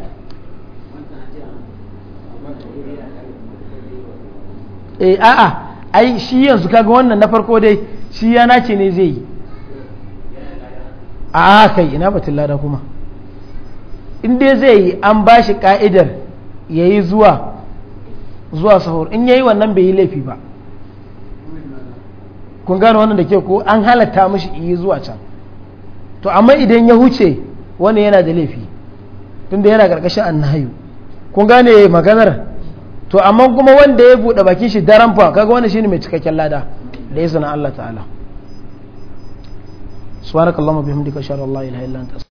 eh a a ai shi yanzu kaga wannan na farko dai shi ya nace ne zai yi a kai ina batun lada kuma in dai zai yi an ba shi ka'idar ya yi zuwa zuwa sahur in ya yi wannan bai yi laifi ba kun gane wannan da ke ko an halatta mishi iya zuwa can to amma idan ya huce wani yana da laifi tunda yana karkashin annahayu kun gane maganar to amma kuma wanda ya buɗe bakin shi daren fa kaga wannan shine mai cikakken lada da ya na Allah ta'ala subhanakallahumma bihamdika ashhadu an la ilaha illa anta